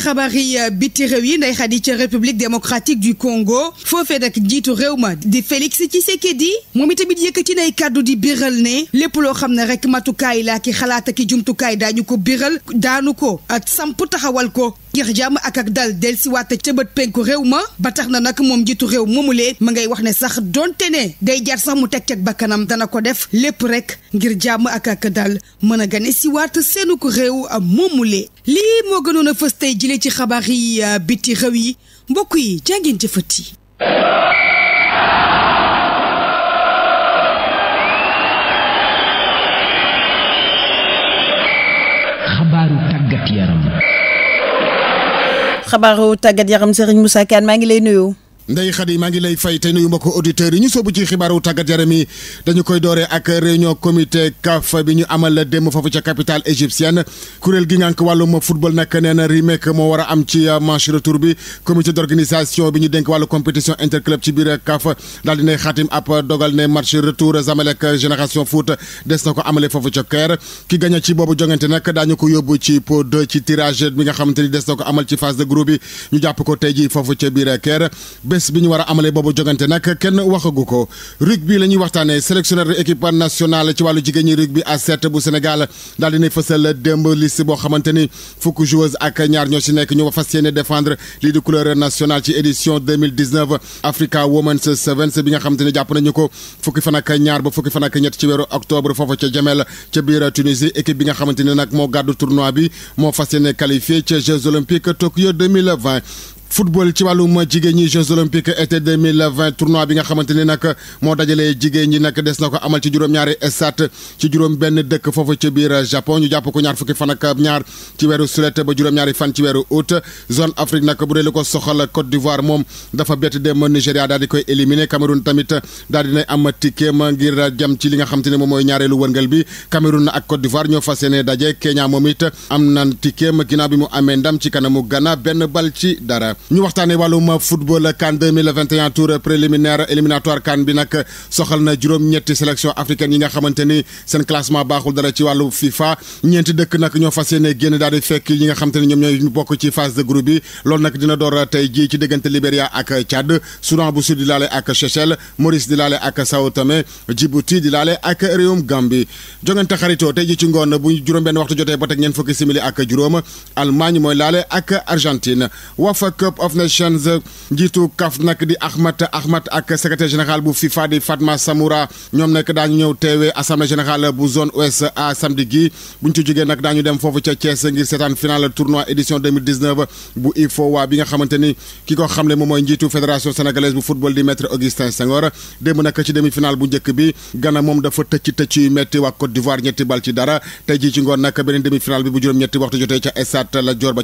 xabaar yi euh, biti réew yi nday xadi ca république démocratique du Congo foofee nag njiitu réew ma di Félix Tshisekedi moom itamit ci nay kàddu di biral ne lépp loo xam ne rek matukaay laa ki xalaat ak ki jumtukaay daañu ko biral daanu ko ak samp taxawal ko ngir jàmm ak ak dal dellusiwaat ca bët penku réew ma ba tax na nag moom jiitu réew moomulee ma ngay wax ne sax donte ne day jaar sax mu teg ca bakkanam dana ko def lépp rek ngir jàmm ak ak dal mën a gane siwaat seenu ko réew moomulee lii moo gënoon a fës tey jëlee ci xabaax yi ah, biti réew yi mbokk yi jàngeen jëfat yi xabaaru tàggat yaram Serigne Moussa Kane maa ngi lay nuyu. Ndeye Khady maa ngi lay fay te nuyu mbokku auditeurs yi ñu soobu ci xibaaru tàggat yaram dañu koy dooree ak réunion comité CAF bi ñu amal démb foofu ca capitale égyptienne kuréel gi ngànk wàllum football nag nee na remake moo war a am ci euh, match retour bi comité d'organisation bi ñu denk wàllu compétition interclub ci biir euh, CAF daal dinay xaatim ab dogal ne match retour Zamalek Génération Foot des na ko amale foofu ca Caire ki gaña ci boobu jongante nag ko yóbbu ci pot 2 bi nga xamante ni des amal ci phase de groupe bi ñu jàpp ko tey ji foofu ca biir euh, Caire bés bi ñu war a amalee boobu jogante nag kenn waxagu ko rugby la ñuy waxtaanee sélectionneur équipe nationale ci wàllu jigéen ñi rugby A7 bu Sénégal daal dina fësal démb liste boo xamante ni fukk joueuse ak ñaar ñoo si nekk ñu fas yéene défendre lii di couleur nationale ci édition 2019 Women's Sevens bi nga xamante ni jàpp nañu ko fukki fan ak ñaar ba fukki fan ak ñett ci weeru octobre foofa ca Jamel ca biir Tunisie équipe bi nga xamante ni nag moo gàddu tournoi bi moo fas yéene qualifié ca Jeux olympiques football ci wàllum jigéen ñi Jeux olympiques été 2020 tournoi bi nga xamante ni nag moo dajale jigéen ñi nag des na ko amal ci juróom-ñaari stade ci juróom benn dëkk foofu ci biir Japon ñu jàpp ko ñaar fukki fan ak ñaar ci weeru sulet ba juróom-ñaari fan ci weeru août zone Afrique nag bu dee lu ko soxal Côte d'Ivoire moom dafa bett dem Nigéria daal di koy éliminer Cameroun tamit daal di nay am ticket ngir jam ci li nga xamante ne moom mooy ñaareelu wërngal bi Cameroun ak Côte d'Ivoire ñoo fas yéene daje Kenya moom it am na ticket ginnaaw bi mu amee ndam ci kanamu Ghana benn bal ci dara ñu waxtaanee wàllum football CAN 2021 tour préliminaire éliminatoire CAN bi nag soxal na juróom-ñetti sélection africaine yi nga xamante ni seen classement baaxul dara ci wàllu FIFA ñeenti dëkk nag ñoo fas yéene génn daal di fekk yi nga xamante ñoom ñooy bokk ci phase de groupe bi loolu nag dina door tey jii ci diggante Libéria ak Tchad Soudan bu Sud di laale ak Seychelles Maurice di laale ak Sao Tomé Djibouti di laale ak réewum Gambie jongante xaritoo tey jii ci ngoon bu juróom benn waxtu jotee ba teg ñeent fukki simili ak juróom Allemagne mooy laale ak Argentine Cup of Nations njiitu CAF nag di Ahmad Ahmad ak secrétaire général bu FIFA di Fatma Samoura ñoom nag daañu ñëw teewee assemblée générale bu zone ouest à samedi gi bu ci jógee nag daañu dem foofu ca Thiès ngir seetaan final tournoi édition bu IFOA bi nga xamante ki ko xamle moom mooy njiitu fédération sénégalaise bu football di maître Augustin Senghor bu njëkk bi Ghana moom dafa tëcc tëcc yu metti waa Côte d'Ivoire ñetti bal ci dara tey jii ci ngoon nag bu juróom-ñetti waxtu jotee ca stade Lat Dior ba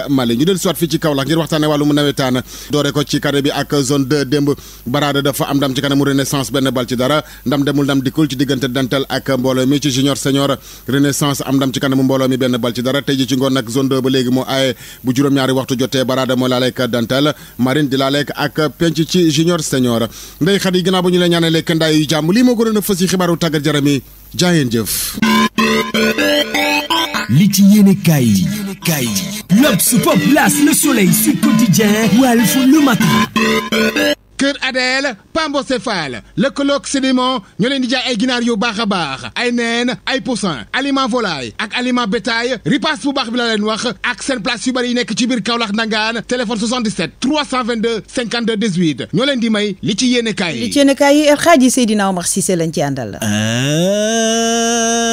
ak Mali ñu del siwaat fii ci Kaolack ngir waxtaane wàllumu nawetaan doore ko ci carré bi ak zone 2 démb Barada dafa am ndam ci kanamu Renaissance benn bal ci dara ndam demul ndam dikkul ci diggante Dantal ak mbooloo mi ci junior senior Renaissance am ndam ci kanamu mbooloo mi benn bal ci dara tey ji ci ngoon nag zone 2 ba léegi moo aaye bu juróom-ñaari waxtu jotee Barada moo laaleek Dantal Marine di laaleek ak penc ci junior senior ndey xat yi yi yéenekaay yi L'Obs, Pop, L'As, Le Soleil, Sud Quotidien, Walf, Le Kër Adel Pambocéphale lëkkaloog sédiment ñoo leen di jaay ay ginaar yu baax a baax ay neen ay poussin aliment volaille ak aliment bétail ripaas bu baax bi la leen wax ak seen place yu bëri yu nekk ci biir Kaolack Ndangaan téléphone 77 322 52 18 ñoo di may li ci yéene kaay yi. li ci yéene kaay yi El Hadji Seydina Omar Cissé lañ ci àndal.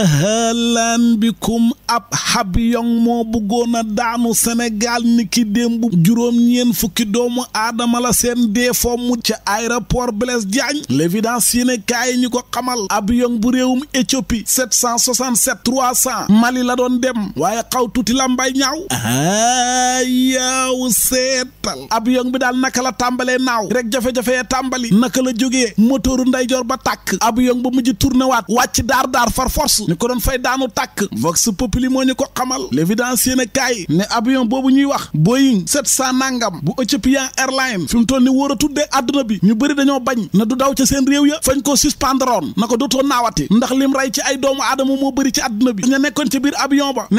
halaan bikum ab xab yong moo bëggoon a daanu Sénégal ni ki démb juróom-ñeen fukki doomu aadama la seen dee route ca aéroport Blaise Diagne l'évidence yéene kaay ñu ko xamal avion bu réewum Éthiopie 767 300 Mali la doon dem waaye xaw tuuti la mbay ñaaw a yaaw seetal avion bi daal naka la tàmbalee naaw rek jafe-jafe ya tàmbali naka la jógee motoru ndeyjoor ba tàkk avion ba mujj tourné waat wàcc daar daar far force ñu ko doon fay daanu tàkk vox populi moo ñu ko xamal l'évidence yéene kaay ne avion boobu ñuy wax Boeing 700 nangam bu Ethiopian Airlines fi mu toll ni wóor a tudde àdduna bi ñu bëri dañoo bañ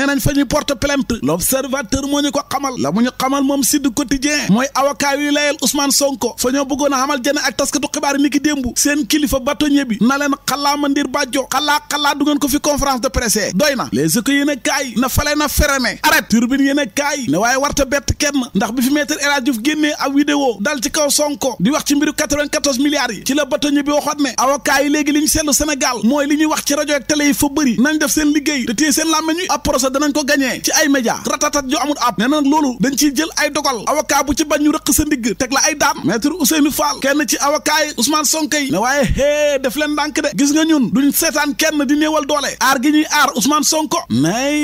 na fa ñuy porte plainte l'observateur moo ñu ko xamal la mu ñu xamal moom Sud Quotidien mooy avocat yu layel Sonko fa ñoo bëggoon a jene ak taskatu xibaar yi ni démbu seen kilifa bâtonnier bi na leen xalaa ma ndir bàjjo xalaa xalaa du ko fi conférence de presse doy na les éco yéen kaay na fale na fereme arrête turbine yéen a kaay ne waaye warta bett kenn ndax bi fi maître El Hadji génnee ab vidéo dal ci kaw Sonko wax ci mbiru 94 milliards yi ci la batoñu bi waxoon ne avocat yi léegi li ñu seetlu Sénégal mooy li ñuy wax ci rajo ak télé yi fa bëri nañ def seen liggéey te téye seen làmmiñ ab procès danañ ko gañee ci ay média ratatat ju amul ab nee na loolu dañ ciy jël ay dogal avocat bu ci bañ ñu rëq sa ndigg teg la ay daan maître Ousseynou Fall kenn ci avocat yi Ousmane Sonko yi ne waaye hee def leen ndànk de gis nga ñun duñ seetaan kenn di néewal doole aar gi ñuy aar Ousmane Sonko nay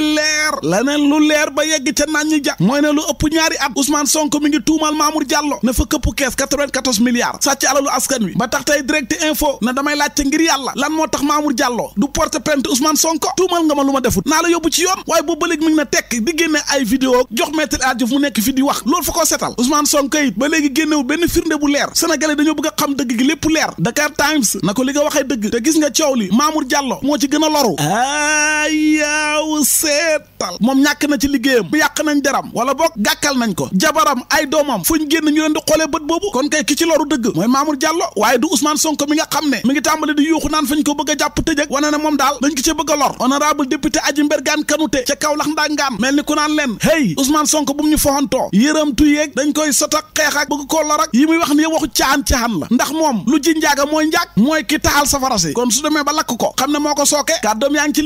leer lu leer ba yegg ca naan ñi ja mooy ne lu ëpp ñaari at Ousmane Sonko mi ngi tuumal Mamour Diallo ne fa kees 94 milliards sàcc alalu askan wi ba tax tey direct info na damay laajte ngir yàlla lan moo tax Mamour Diallo du porte plainte Ousmane Sonko tuumal nga ma lu ma defut naa la yóbbu ci yoon waaye boobu ba mi ngi na tekk di génne ay vidéo jox maître Adjouf mu nekk fi di wax loolu fa ko setal Ousmane Sonko it ba léegi génnewul benn firnde bu leer sénégalais dañoo bëgg a xam dëgg gi lépp leer Dakar Times na ko li nga waxee dëgg te gis nga coow li Mamour jàllo moo ci gën a loru moom ñàkk na ci liggéeyam bu yàq nañ deram wala boog gàkkal nañ ko jabaram ay doomam fuñ génn ñu leen di xoolee bët boobu kon kay ki ci loru dëgg mooy Mamour Diallo waaye du Ousmane Sonko mi nga xam ne mi ngi tàmbali di yuuxu naan fañ ko bëgg a jàpp tëj wane ne moom daal dañ ko ci bëgg a lor honorable député Adji Mbergane Kanouté ca Kaolack ndangaan mel ni ku naan leen hey Ousmane ko bu mu ñu foxantoo yëramtu yeeg dañ koy sot ak bëgg koo lor ak yi muy wax ne waxu caaxaan-caaxaan la ndax moom lu ji njaaga mooy njaag mooy ki taxal safara si kon su demee ko xam ne moo ko sooke kàddoom yaa ngi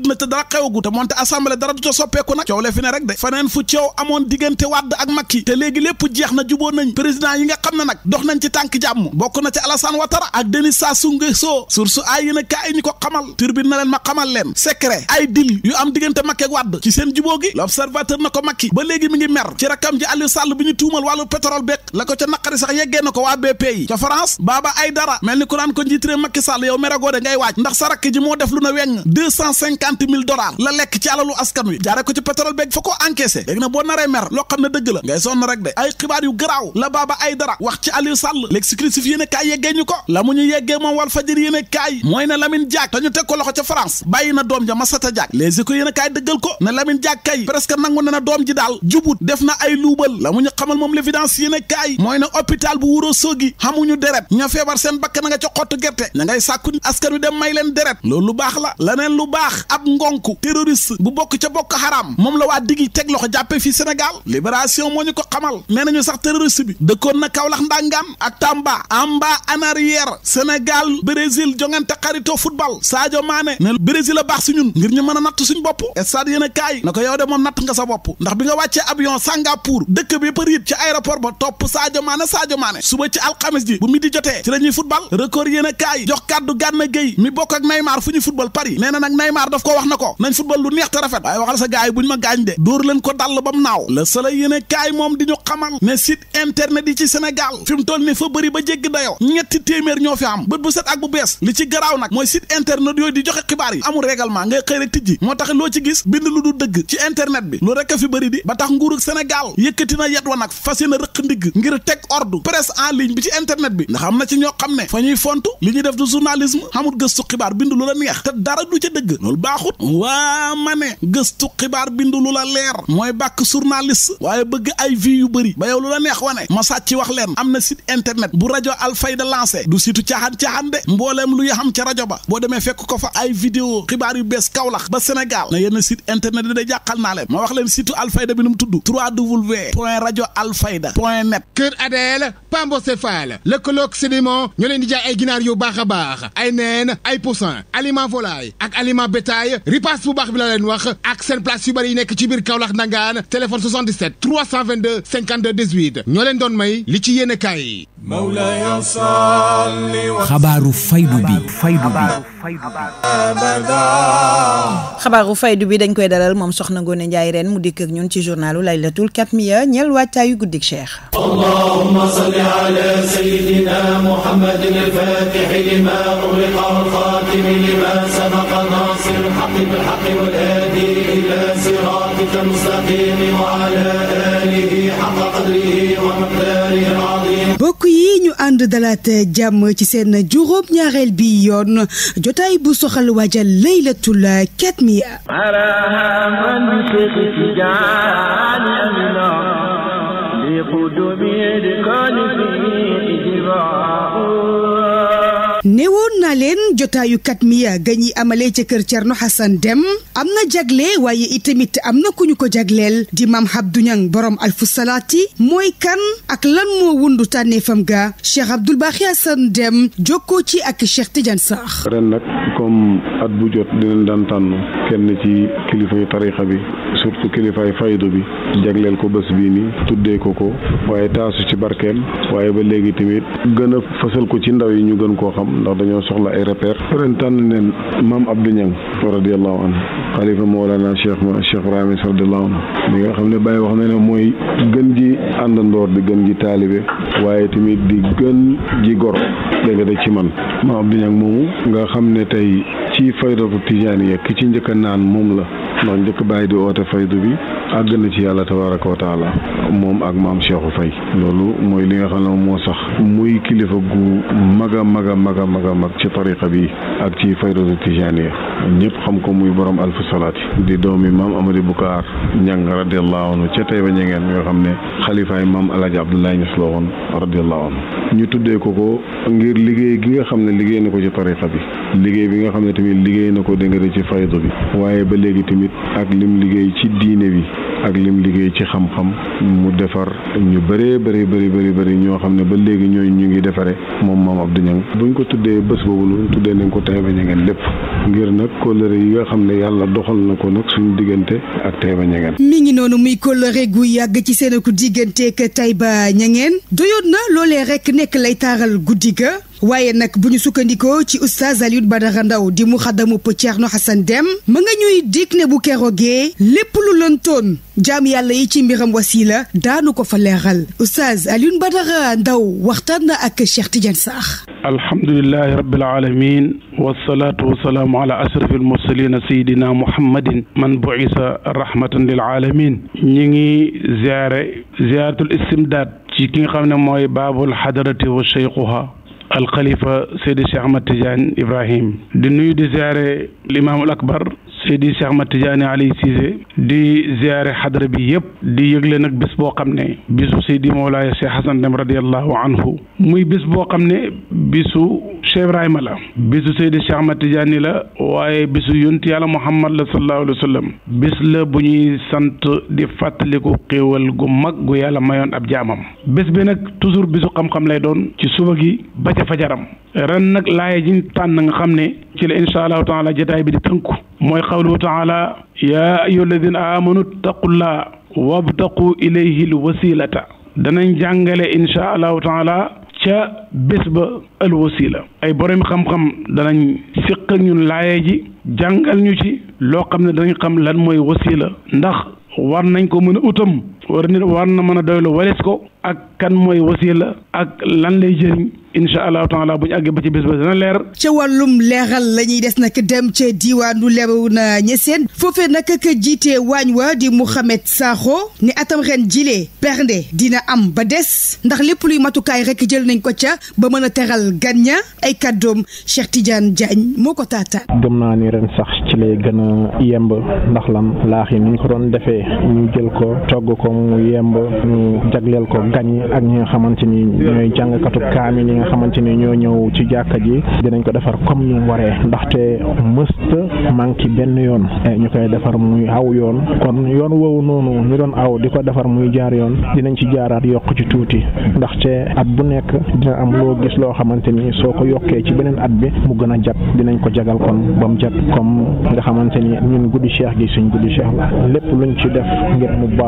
ni ku naan dara xewagu te moonte assemblée dara du ta soppeeku nag coow le fi ne rek de faneen fu coow amoon diggante Wade ak Macky te léegi lépp jeex na juboo nañ président yi nga xam ne nag dox nañ ci tànk jàmm bokk na ci Alassane Ouattara ak Denis Sassou Nguesso source ay yéen a kaay ñu ko xamal turbine na leen ma xamal leen secret ay dil yu am diggante Macky ak Wade ci seen juboo gi l'observateur na ko Macky ba léegi mi ngi mer ci rakam ji Aliou Sall bi ñu tuumal wàllu pétrole beek la ko ca naqari sax yeggee na ko waa BP ku naan ko njiitre Macky Sall yow ndax sa moo def lu na weñ deux cent cinquante mille dollars la lekk ci alalu askan wi jaare ko ci pétrole beeg fa ko encaissé léegi nag boo naree mer loo xam ne dëgg la ngay sonn rek de ay xibaar yu garaaw la baaba ay dara wax ci Aliou Sall l'exclusif yéen a kaay yeggee ñu ko la mu ñu yeggee moom wal fajar yéen a mooy ne Lamine Diack kay presque nangu na na doom ji daal jubut def na ay luubal la mu ñu xamal moom l'évidence yéen a mooy ne hôpital bu wuroo soogi xamuñu deret ña feebar seen bakk ponk terroriste bu bokk ca bokk xaraam moom la waa digi teg loxo jàppe fii Sénégal libération moo ñu ko xamal nee nañu sax terroriste bi dëkkoon na Kaolack ndangaan ak Tamba amba en arrière Sénégal jongante xaritoo football Sadio Mané ne Brésil a baax si ñun ngir ñu mën a natt suñ bopp stade yéen a na ko yow de moom natt nga sa bopp ndax bi nga wàccee avion Singapour dëkk bi yëpp riit ci aéroport ba topp Sadio Mané Sadio Mané suba ci alxames ji bu a kaay jox mi bokk ko nañ football lu neex te rafet waaye waxal sa gars yi buñ ma gaañ de dóor leen ko dàll bam naaw le soleil yéene kaay moom di ñu xamal ne site internet yi ci Sénégal fi mu toll ni fa bëri ba jéggi dayoo ñetti téeméer ñoo fi am bët bu set ak bu bees li ci garaaw nag mooy site internet yooyu di joxe xibaar yi amul règlement ngay xëy rek tijji moo tax loo ci gis bind lu du dëgg ci internet bi lu rek fi bëri di ba tax nguurug Sénégal yëkkati na yet wa nag fas yéene rëq ndigg ngir teg ordre presse en ligne bi ci internet bi ndax am na ci ñoo xam ne fa ñuy fontu li ñuy def du journalisme xamul gëstu xibaar bind lu la neex te dara du ca dëgg waa ma ne gëstu xibaar bindu lu la leer mooy bàkk journaliste waaye bëgg ay vie yu bëri ba yow lu la neex wa wane ma sàcc wax leen am na site internet bu rajo Alfayda lancé du situ caaxaan-caaxaan de mbooleem lu ya xam ca rajo ba boo demee fekk ko fa ay vidéo xibaar yu bees Kaolack ba Sénégal na yenn site internet yi da jàqal naa leen moo wax leen situ Alfayda bi nu mu tudd 3w point rajo Alfayda point net Kër Adel Pambocéphale lëkkaloog sédiment ñoo leen di jaay ay ginaar yu baax a baax ay neen ay poussin aliment volaille ak bi paas bu baax bi la leen wax ak seen place nekk ci biir Kaolack nangaan téléphone 77 322 52 18 ñoo leen may li ci yéene kaay yi xabaaru faydu bi faydu bi xabaaru faydu bi dañ koy dalal moom soxna Ngoone Njaay reen mu dikk ak ñun ci journalu laylatul katmiya ñeel wàccaayu guddik cheikh allahumma salli ala sayyidina muhammadin al-fatih lima ughliqa wal khatim lima sabaq ناصر الحق بالحق والهادي إلى صراطك المستقيم وعلى آله حق قدره ومقداره العظيم mbokk yi ñu ànd dalaat jàmm ci seen juróom ñaareel bi yoon jotaay bu soxal waajal laylatul katmiya li qudumi li kaani fi ijmaa woon naa leen jotaayu kat mi ga ñuy amalee ca kër Thierno Hassane dem am na jagle waaye tamit am na ku ñu ko jagleel di maam Abdou Niang borom alfu salaati mooy kan ak lan moo wundu tànneefam ga Cheikh Abdoul Baaxi Hassane dem jokkoo ci ak Cheikh tijan Sarr ren nag comme at bu jot dinañ daan tànn kenn ci kilifay tarixa bi surtout kilifay faydu bi jagleel ko bés bii ni tuddee ko ko waaye taasu ci barkeem waaye ba léegi tamit gën a fësal ko ci ndaw yi ñu gën koo xam ndax dañoo soxla ay repère ren tànn neen maam Abdou Niang radiallahu anhu xalifa moolana cheikh ma cheikh ramis radiallahu anhu mi nga xam ne Baye wax na ne mooy gën ji àndandoor di gën ji taalibe waaye tamit di gën ji gor léegi da ci man maam Abdou Niang moomu nga xam ne tey ci faydatu tijaaniya ki ci naan moom la ndax njëkk bàyyi di oote faydu bi àgg na ci yàlla tabaraka wa taala moom ak maam Cheikhou Faye loolu mooy li nga xam ne moo sax muy kilifa gu mag a mag a mag a mag a mag ci tariqa bi ak ci faydatu tijaniya ñëpp xam ko muy borom alfu salaati di doomi maam Amady Bukaar ñang radiallahu anhu ca tey ba ñangeen nga xam ne xalifaay maam alaji Abdoulaye Niass la woon radiallahu anhu ñu tuddee ko ko ngir liggéey gi nga xam ne liggéey na ko ci tariqa bi liggéey bi nga xam ne tamit liggéey na ko dégg nga ci bi waaye ba léegi tamit ak lim liggéey ci diine bi ak lim liggéey ci xam-xam mu defar ñu bëree bëri bëri bëri bëri ñoo xam ne ba léegi ñooñu ñu ngi defare moom maam Abdou Niang buñ ko tuddee bés boobu noonu tuddee nañ ko Taïba Niassène lépp ngir nag kóllëre yi nga xam ne yàlla doxal na ko nag suñu diggante ak Taïba Niassène mi ngi noonu muy kóllëre gu yàgg ci seen ko digganteeg Taïba Niassène doyoon na loolee rek nekk lay taaral guddi ga waaye nag bu ñu sukkandikoo ci oustaz Alioune Badara Ndaw di mu xaddamu Thierno Hassane Dème ma nga ñuy dig ne bu keroogee lépp lu lëntoon jaam yàlla yi ci mbiram wasiila daanu ko fa leexal oustaz Alioune Badara Ndaw waxtaan na ak Cheikh Tidiane Sarr alhamdulilahi rabbil alamin wasalaatu wasalaamu ala ashraf almursalina sayidina muhammadin man buisa rahmatan lil alamin ñi ngi ziare ziaratul istimdaad ci ki nga xam ne mooy baabul xadarati wa cheykhuha alxalifa Seydi Cheikh Ahmad Tidiane Ibrahim di nuyu di ziare limaamul akbar Seydi Cheikh Ahmad Tidiane Aliou Cissé di ziare xadara bi yëpp di yëgle nag bés boo xam ne bisu Seydi Mawlaaya Cheikh Hasan Dem radiallahu anhu muy bés boo xam ne bisu Cheikh Ibrahima la bisu Seydi Cheikh Ahmad Tidiane la waaye bisu yonent yàlla Muhammad la sallallahu alayhi wa sallam bés la bu ñuy sant di fàttaliku xéewal gu mag gu yàlla mayoon ab jaamam bés bi nag toujours bisu xam-xam lay doon ci suba gi ba fajaram ren nag laaye ji tànn na nga xam ne ci la incha allahu taala jotaay bi di tënku mooy qawluhu taala yaa ayyuha alladina amanu ttaqullaha wabtaqu ilayhi alwasilata danañ jàngale insha allahu taala ca bés ba alwasila ay borom xam-xam danañ siq ak ñun laaye ji jàngal ñu ci loo xam ne danañ xam lan mooy wasila ndax war nañ ko mën a utam war nit war na mën a doylu walis ko ak kan mooy wasila ak lan lay jëriñ incha allahu taala bu ñu àggee ba ci bés ba dina leer ca wàllum leeral la ñuy des nag dem ca diiwaanu leeru na ñeseen foofee nag jiitee waañ wa di Mouhamed Sakho ne atam ren jilee bernde dina am ba des ndax lépp luy matukaay rek jël nañ ko ca ba mën a teral gan ña ay kàddoom Cheikh Tidiane Diagne moo ko taata gëm naa ni ren sax ci lay gën yemb ndax lan laax yi ni ko doon defee ñu jël ko togg ko ba mu yemb ñu jagleel ko gan yi ak ñi nga xamante ni ñooy jàngkatu kaamil yi nga xamante ni ñoo ñëw ci jàkka ji dinañ ko defar comme ni mu waree ndaxte mësta manqué benn yoon eh, ñu koy defar muy aw yoon kon yoon woowu noonu ñu doon aw di ko defar muy jaar yoon dinañ ci jaaraat yokk ci tuuti ndaxte at bu nekk dina am loo gis loo xamante ni soo ko yokkee ci beneen at bi mu gën a jat dinañ ko jagal kon ba mu jat comme nga xamante ni ñun guddi cheikh gi suñ guddi seex la lépp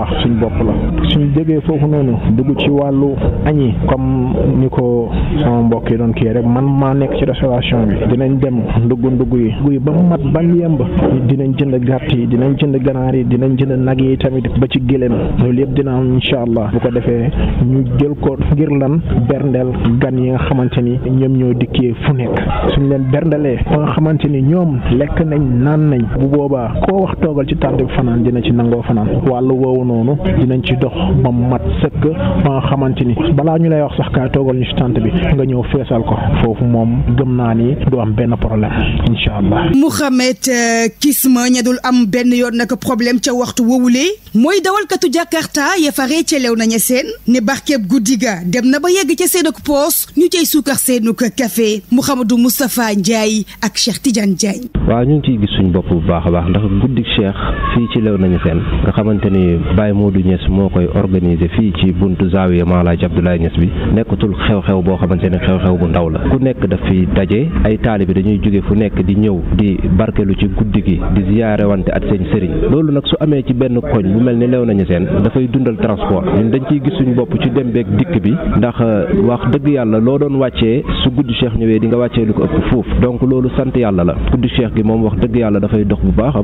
foofu suñ jógee foofu noonu dugg ci wàllu añi comme ni ko sama mbokk yi doon kii rek man maa nekk ci restauration bi dinañ dem ndugg ndugg yi ndugg ba mu mat ba yemb dinañ jënd gàtt yi dinañ jënd ganaar yi dinañ jënd nag yi tamit ba ci gëléem loolu yëpp dina am incha allah bu ko defee ñu jël ko ngir lan berndeel gan yi nga xamante ni ñoom ñoo dikkee fu nekk suñ leen berndelee ba nga xamante ni ñoom lekk nañ naan nañ bu boobaa koo wax toogal ci tànt bi fanaan dina ci nangoo fanaan wàllu woowu noonu dinañ ci dox ba mat sëkk ba nga xamante balaa ñu lay wax sax kaay toogal ñu ci tànt bi nga ñëw feesal ko foofu moom gëm naa ni du am benn problème incha allah. Mouhamed euh, Kisma ña dul am benn yoon nag problème ca waxtu wowulee mooy dawalkatu Jakarta ya faree ca lew nañu seen ne barkeeb guddi ga dem na ba yegg ca seen ak poos ñu cay suukar seenu ko café Mouhamadou Moustapha Ndiaye ak Cheikh Tidiane Ndiaye. waaw ñu ngi ciy gis suñu bopp bu baax a baax ndax guddi Cheikh Niass moo koy organiser fii ci buntu Zawiya Maalaaji Abdoulaye Niass bi nekkatul xew-xew boo xamante ne xew-xew bu ndaw la ku nekk daf daje ay taalibe dañuy jóge fu nekk di ñëw di barkelu ci guddi gi di ziyaare wante at seen sëriñ loolu nag su amee ci benn koñ bu mel ni Léona Niassène dafay dundal transport ñun dañ ciy gis suñu bopp ci dem beeg dikk bi ndax euh, wax dëgg yàlla loo doon wàccee su guddi cheikh ñëwee di nga wàccee lu ko ëpp fuuf donc loolu sant yàll la guddi cheikh gi moom wax dëgg yàlla dafay dox bu baax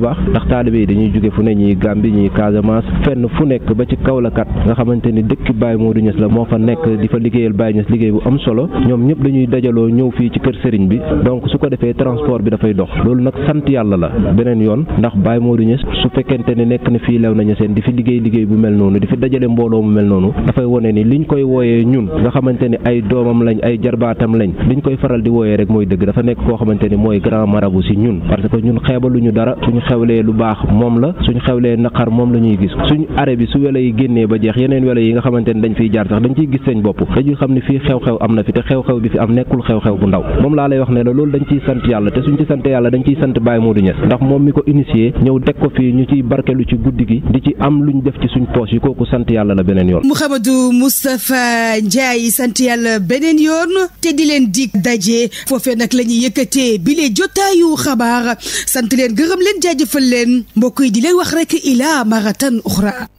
a ba ci Kaolack nga xamante ni dëkk Baye Modou Niass la moo fa nekk di fa liggéeyal Baye Niass liggéey bu am solo ñoom ñëpp dañuy dajaloo ñëw fii ci kër sëriñ bi donc su ko defee transport bi dafay dox loolu nag sant yàlla la beneen yoon ndax moo Modou Niass su fekkente ne nekk na fii lew na nañu seen di fi liggéey liggéey bu mel noonu di fi dajale mbooloo mu mel noonu dafay wone ni liñ koy wooyee ñun nga xamante ni ay doomam lañ ay jarbaatam lañ liñ koy faral di wooyee rek mooy dëgg dafa nekk koo xamante ni mooy grand marabout si ñun parce que ñun xeebaluñu dara suñu xewlee lu baax moom la suñu xewlee naqar moom la ñuy gis welo yi génnee ba jeex yeneen welo yi nga xamante ne dañ fiy jaar sax dañ ciy gis moom la loolu dañ ciy sant yàlla te suñ mi ko initié ñëw teg ko fii ñu ciy barkelu ci guddi gi di ci am luñ def ci suñ poos yi kooku sant yàlla la beneen yoon Mouhamadou Moustapha Ndiaye sant yàlla beneen yoon te di leen dig daje foofee nag la ñuy yëkkatee jotaayu xabaar sant leen gërëm leen jaajëfal leen mbokk yi di leen wax rek ilaa maratan uxra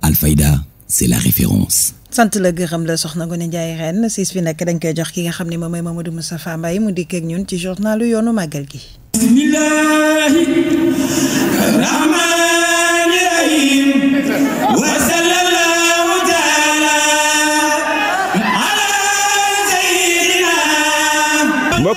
Kolda c'est la référence. sant la gërëm la soxna Ngoné Ndiaye ren siis bi nag dañ koy jox ki nga xam ne moom mooy Mamadou Moustapha Mbaye mu dikk ak ñun ci journalu yoonu màggal gi. bismillaahi rahmaani rahiim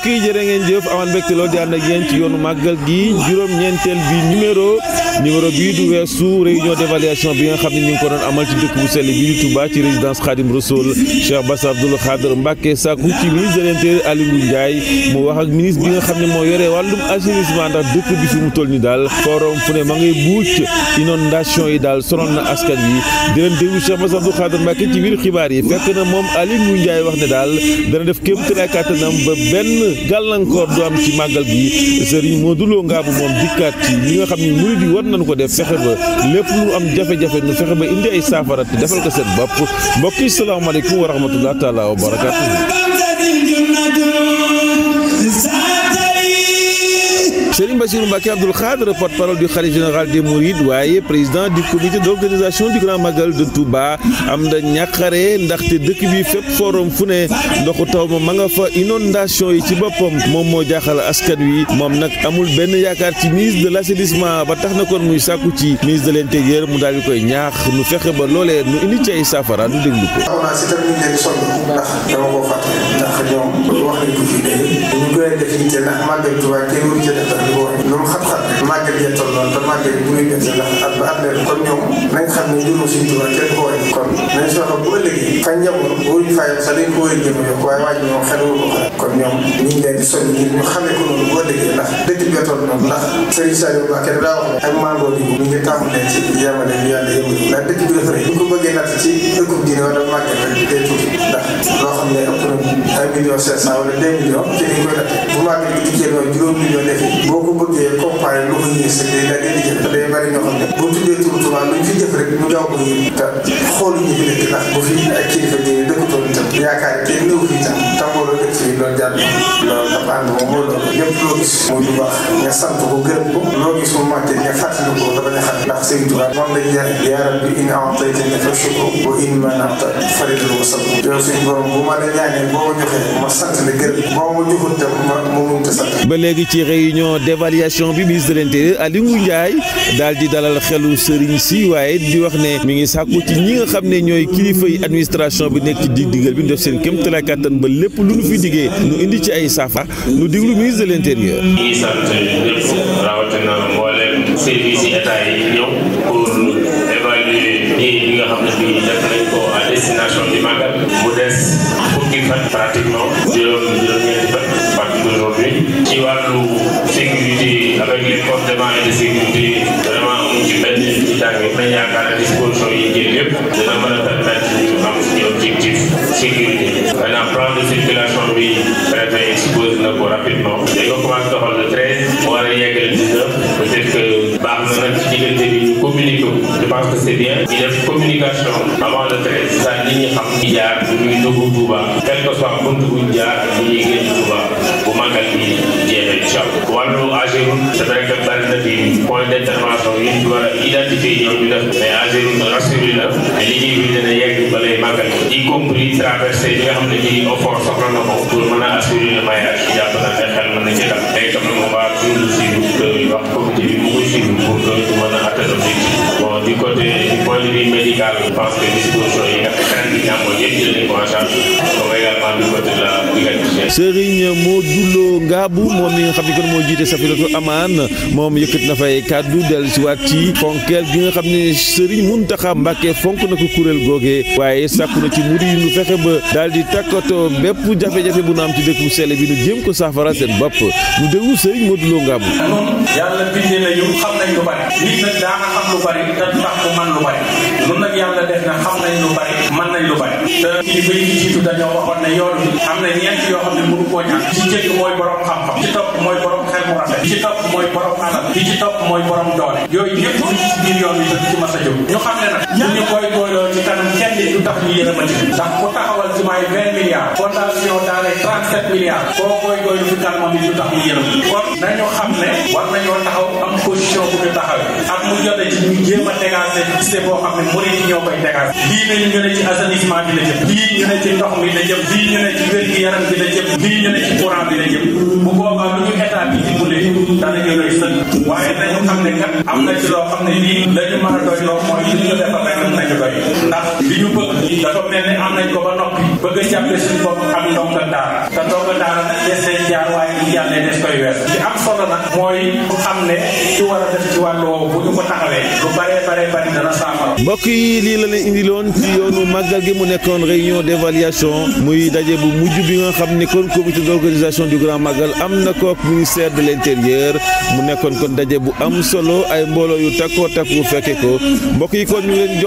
mbokk yi jërë ngeen jëf amaan mbégte loolu di ànd ak yéen ci yoonu màggal gi juróom-ñeenteel bi numéro numéro bii du weesu réunion d'évaluation bi nga xam ne ñu ngi ko doon amal ci dëkk bu sell bi di Touba ci résidence Khadim Rassoul Cheikh Bass Abdoul Khadr Mbacké sàkku ci ministre de l'Intérieur Aliou Ndiaye mu wax ak ministre bi nga xam ne moo yore wàllum assainissement ndax dëkk bi fi mu toll ni daal forum fu ne ma ngay buuc inondation yi daal sonal na askan wi di leen déglu Cheikh Bass Abdoul Khadr Mbacké xibaar yi fekk na moom Aliou Ndiaye wax ne daal def kéem tolluwaay kàttanam ba benn gàllankoor du am ci màggal gi sëriñ Modou Lo Ngabou moom dikkaat ci li nga xam ni murid di war nañu ko def fexe lépp lu am jafe-jafe nu fexe ba indi ay saafara te defal ko seen bopp mbokk yi salaamaaleykum wa rahmatullah taala wa barakaatu. Serigne Bassirou Mbacké Abdoul Khadre porte-parole du khalife général des Mourides waaye président du comité d'organisation du Grand Magal de Touba am na ndax ndaxte dëkk bi fépp forum fu ne ndoxu taw ma ma nga fa inondation yi ci boppam moom moo jaaxal askan wi moom nag amul benn yaakaar ci ministre de l'assainissement ba tax na kon muy sàkku ci ministre de l'intérieur mu daal di koy ñaax nu fexe ba loole nu indi ci ay lu nu déglu boo lu mu xam-xam màggal yee tolloon te màggal bu muy gën ndax at ba at leen kon ñoom nañ xam ne njuró suñ tuba kenn ko war a jëm yokk waaye waaj moom xel wu million cinq million boo ko bëggee comparer lu ko yées day daal di jëf day bari ñoo xam ne bu tuddee turu Tuubaa lu ñu fi jëf rek mu daw ko yëg te xool ñu fi nekk ndax bu fi ak kilifa gi dëkkutoon itam yaakaar kenn néew fi itam tàmbooloo dëkk fi loolu jàpp loolu dafa ànd moom moo loolu lépp loo gis nga sant ko gërëm mu màttee nga fàttali ko dafa ne xam ndax sëñ ma la ñaanee boo ma la gërëm boo ma joxul tam ma ma mënta sant ba léegi ci d'évaluation bi ministre de l'intérieur Aliou Ndiaye daal di dalal xelu sëriñ si waaye di wax ne mi ngi sàkku ci ñi nga xam ne ñooy kilifa yi administration bi nekk ci dig bi ñu def seen kéemtalaay kàttan ba lépp lu nu fi diggee nu indi ci ay saafara nu diglu ministre de l'intérieur. di sant ko à destination Magal mu des fukki fan pratiquement juróom-juróom ñeenti fan parce que aujourd'hui ci wàllu. avec les forces de défense et de sécurité vraiment amuñ ci benn tiitaange mais yaakaar naa disposition yi jël yëpp dina mën a permettre ñu am suñu objectif sécurité. maintenant plan de circulation bi préfet expose na ko rapidement. dañ ko commencé doxal le 13 war a yegg le 19 peut être que baax na nag ci diggante bi ñu communiqué ko je pense que c' est bien. ñu def communication avant le 13 ça nit ñi xam ci jaar bu ñuy dugg Touba quel que soit bunt buñ jaar bu ñuy génn Touba bu màggal bi jeexee incha allah amul agirun c'est vrai que bari na fi point d'intervention yi ñu war a identifier ñoom ñu def mais agirun rassuré la mais li ñuy bind na yegg balay màggal y compris traversé bi nga xam ne ñi effort soxla na ko pour mën a assurer le maillage jàpp naa ne xel mën na ci dal day tam na waa toujours suivre wax comité bi mu koy suivre pour que ñu mën a atteindre objectif bon du côté du point de vue médical je pense que disposition yi nga xam ne ñi jàmmoo yëpp jël nañ ko en charge Serigne Modulo Ngaabu moom mi nga xam ne kon moo jiite Safinatul Amaan moom yëkkat na fay kàddu del si waat ci fonkeel gi nga xam ne Serigne Muntaxa Mbàkke fonk na ko kuréel googe waaye sàkku na ci muri yi ñu fexe ba daal di takkatoo bépp jafe-jafe bu na am ci dëkk bu sell bi nu jéem ko saafara seen bopp mu déglu Serigne Modulo Ngaabu. yàlla bindee na yow xam nañ lu bari nit nag daa nga xam nag yàlla def na xam nañ lu bari mën nañ lu bari te kilifa yi jiitu dañoo waxoon ne yoon bi am na ñeent yoo xam ne mënu koo ñàkk ci jëkk mooy borom xam-xam ci topp mooy borom xel mu rafet ci topp mooy borom alal bi ci topp mooy borom doole yooyu yëpp ñu ci biir yoon bi dëkk ci mas a jóg ñu xam ne nag ñu koy góoyloo ci kanam kenn du tax ñu yërëmati ndax ku taxaw arrondissement yi vingt milliards fondation daara trente sept milliards koo koy koy lu fi kalma bi ñu tax ñu yërëm kon nañu xam ne war nañoo taxaw am position bu ñu taxawee ak mu jote ci ñu jéem a dégagé gisee boo xam ne murid yi ñoo koy dégagé bii nañu ñu ne ci assainissement bi la jëm bii ñu ne ci ndox mi la jëm bii ñu ne ci wér gi yaram bi la jëm bii ñu ne ci courant bi la jëm bu boobaa lu ñu état bi dimbale danañu doy sëkk waaye nañu xam ne kat am na ci loo xam ne lii la ñu mën a doy loo mooy li ñu defal rek nañu doy ndax li ñu bëgg dafa mel ne am nañ ko ba noppi bëgg jàppee suñu bopp am ndonga daara te ndonga daara nag des nañ jaar waaye bu jàllee des koy wees li am solo nag mooy bu xam ne ci war a def ci wàllu woowu bu ñu ko taxawee lu baree baree bari dana saafara mbokk yi lii la leen indiloon ci yoonu màggal gi mu nekkoon réunion d'évaluation muy daje bu mujj bi nga xam ne kon comité d'organisation du grand magal am na ko ministère de l'intérieur mu nekkoon kon daje bu am solo ay mbooloo yu takkoo takku fekke ko mbokk yi kon ñu leen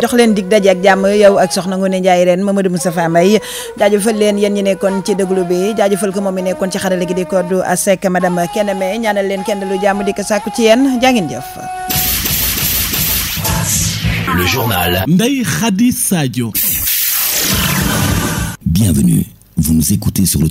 jox leen dig daje ak jàmm yow ak soxna Ngoné Ndiaye de Mamadou Moustapha Mbaye jaajëfal leen yéen ñi nekkoon ci déglu bi ko moom mi nekkoon ci xarale gi di koddu a Seck madame Keneme ñaanal leen kenn lu jàmm di ko sàkku ci yéen jaa ngeen jëf. Le journal. Ndeye Khady Sadio. Bienvenue. Vous nous écoutez sur le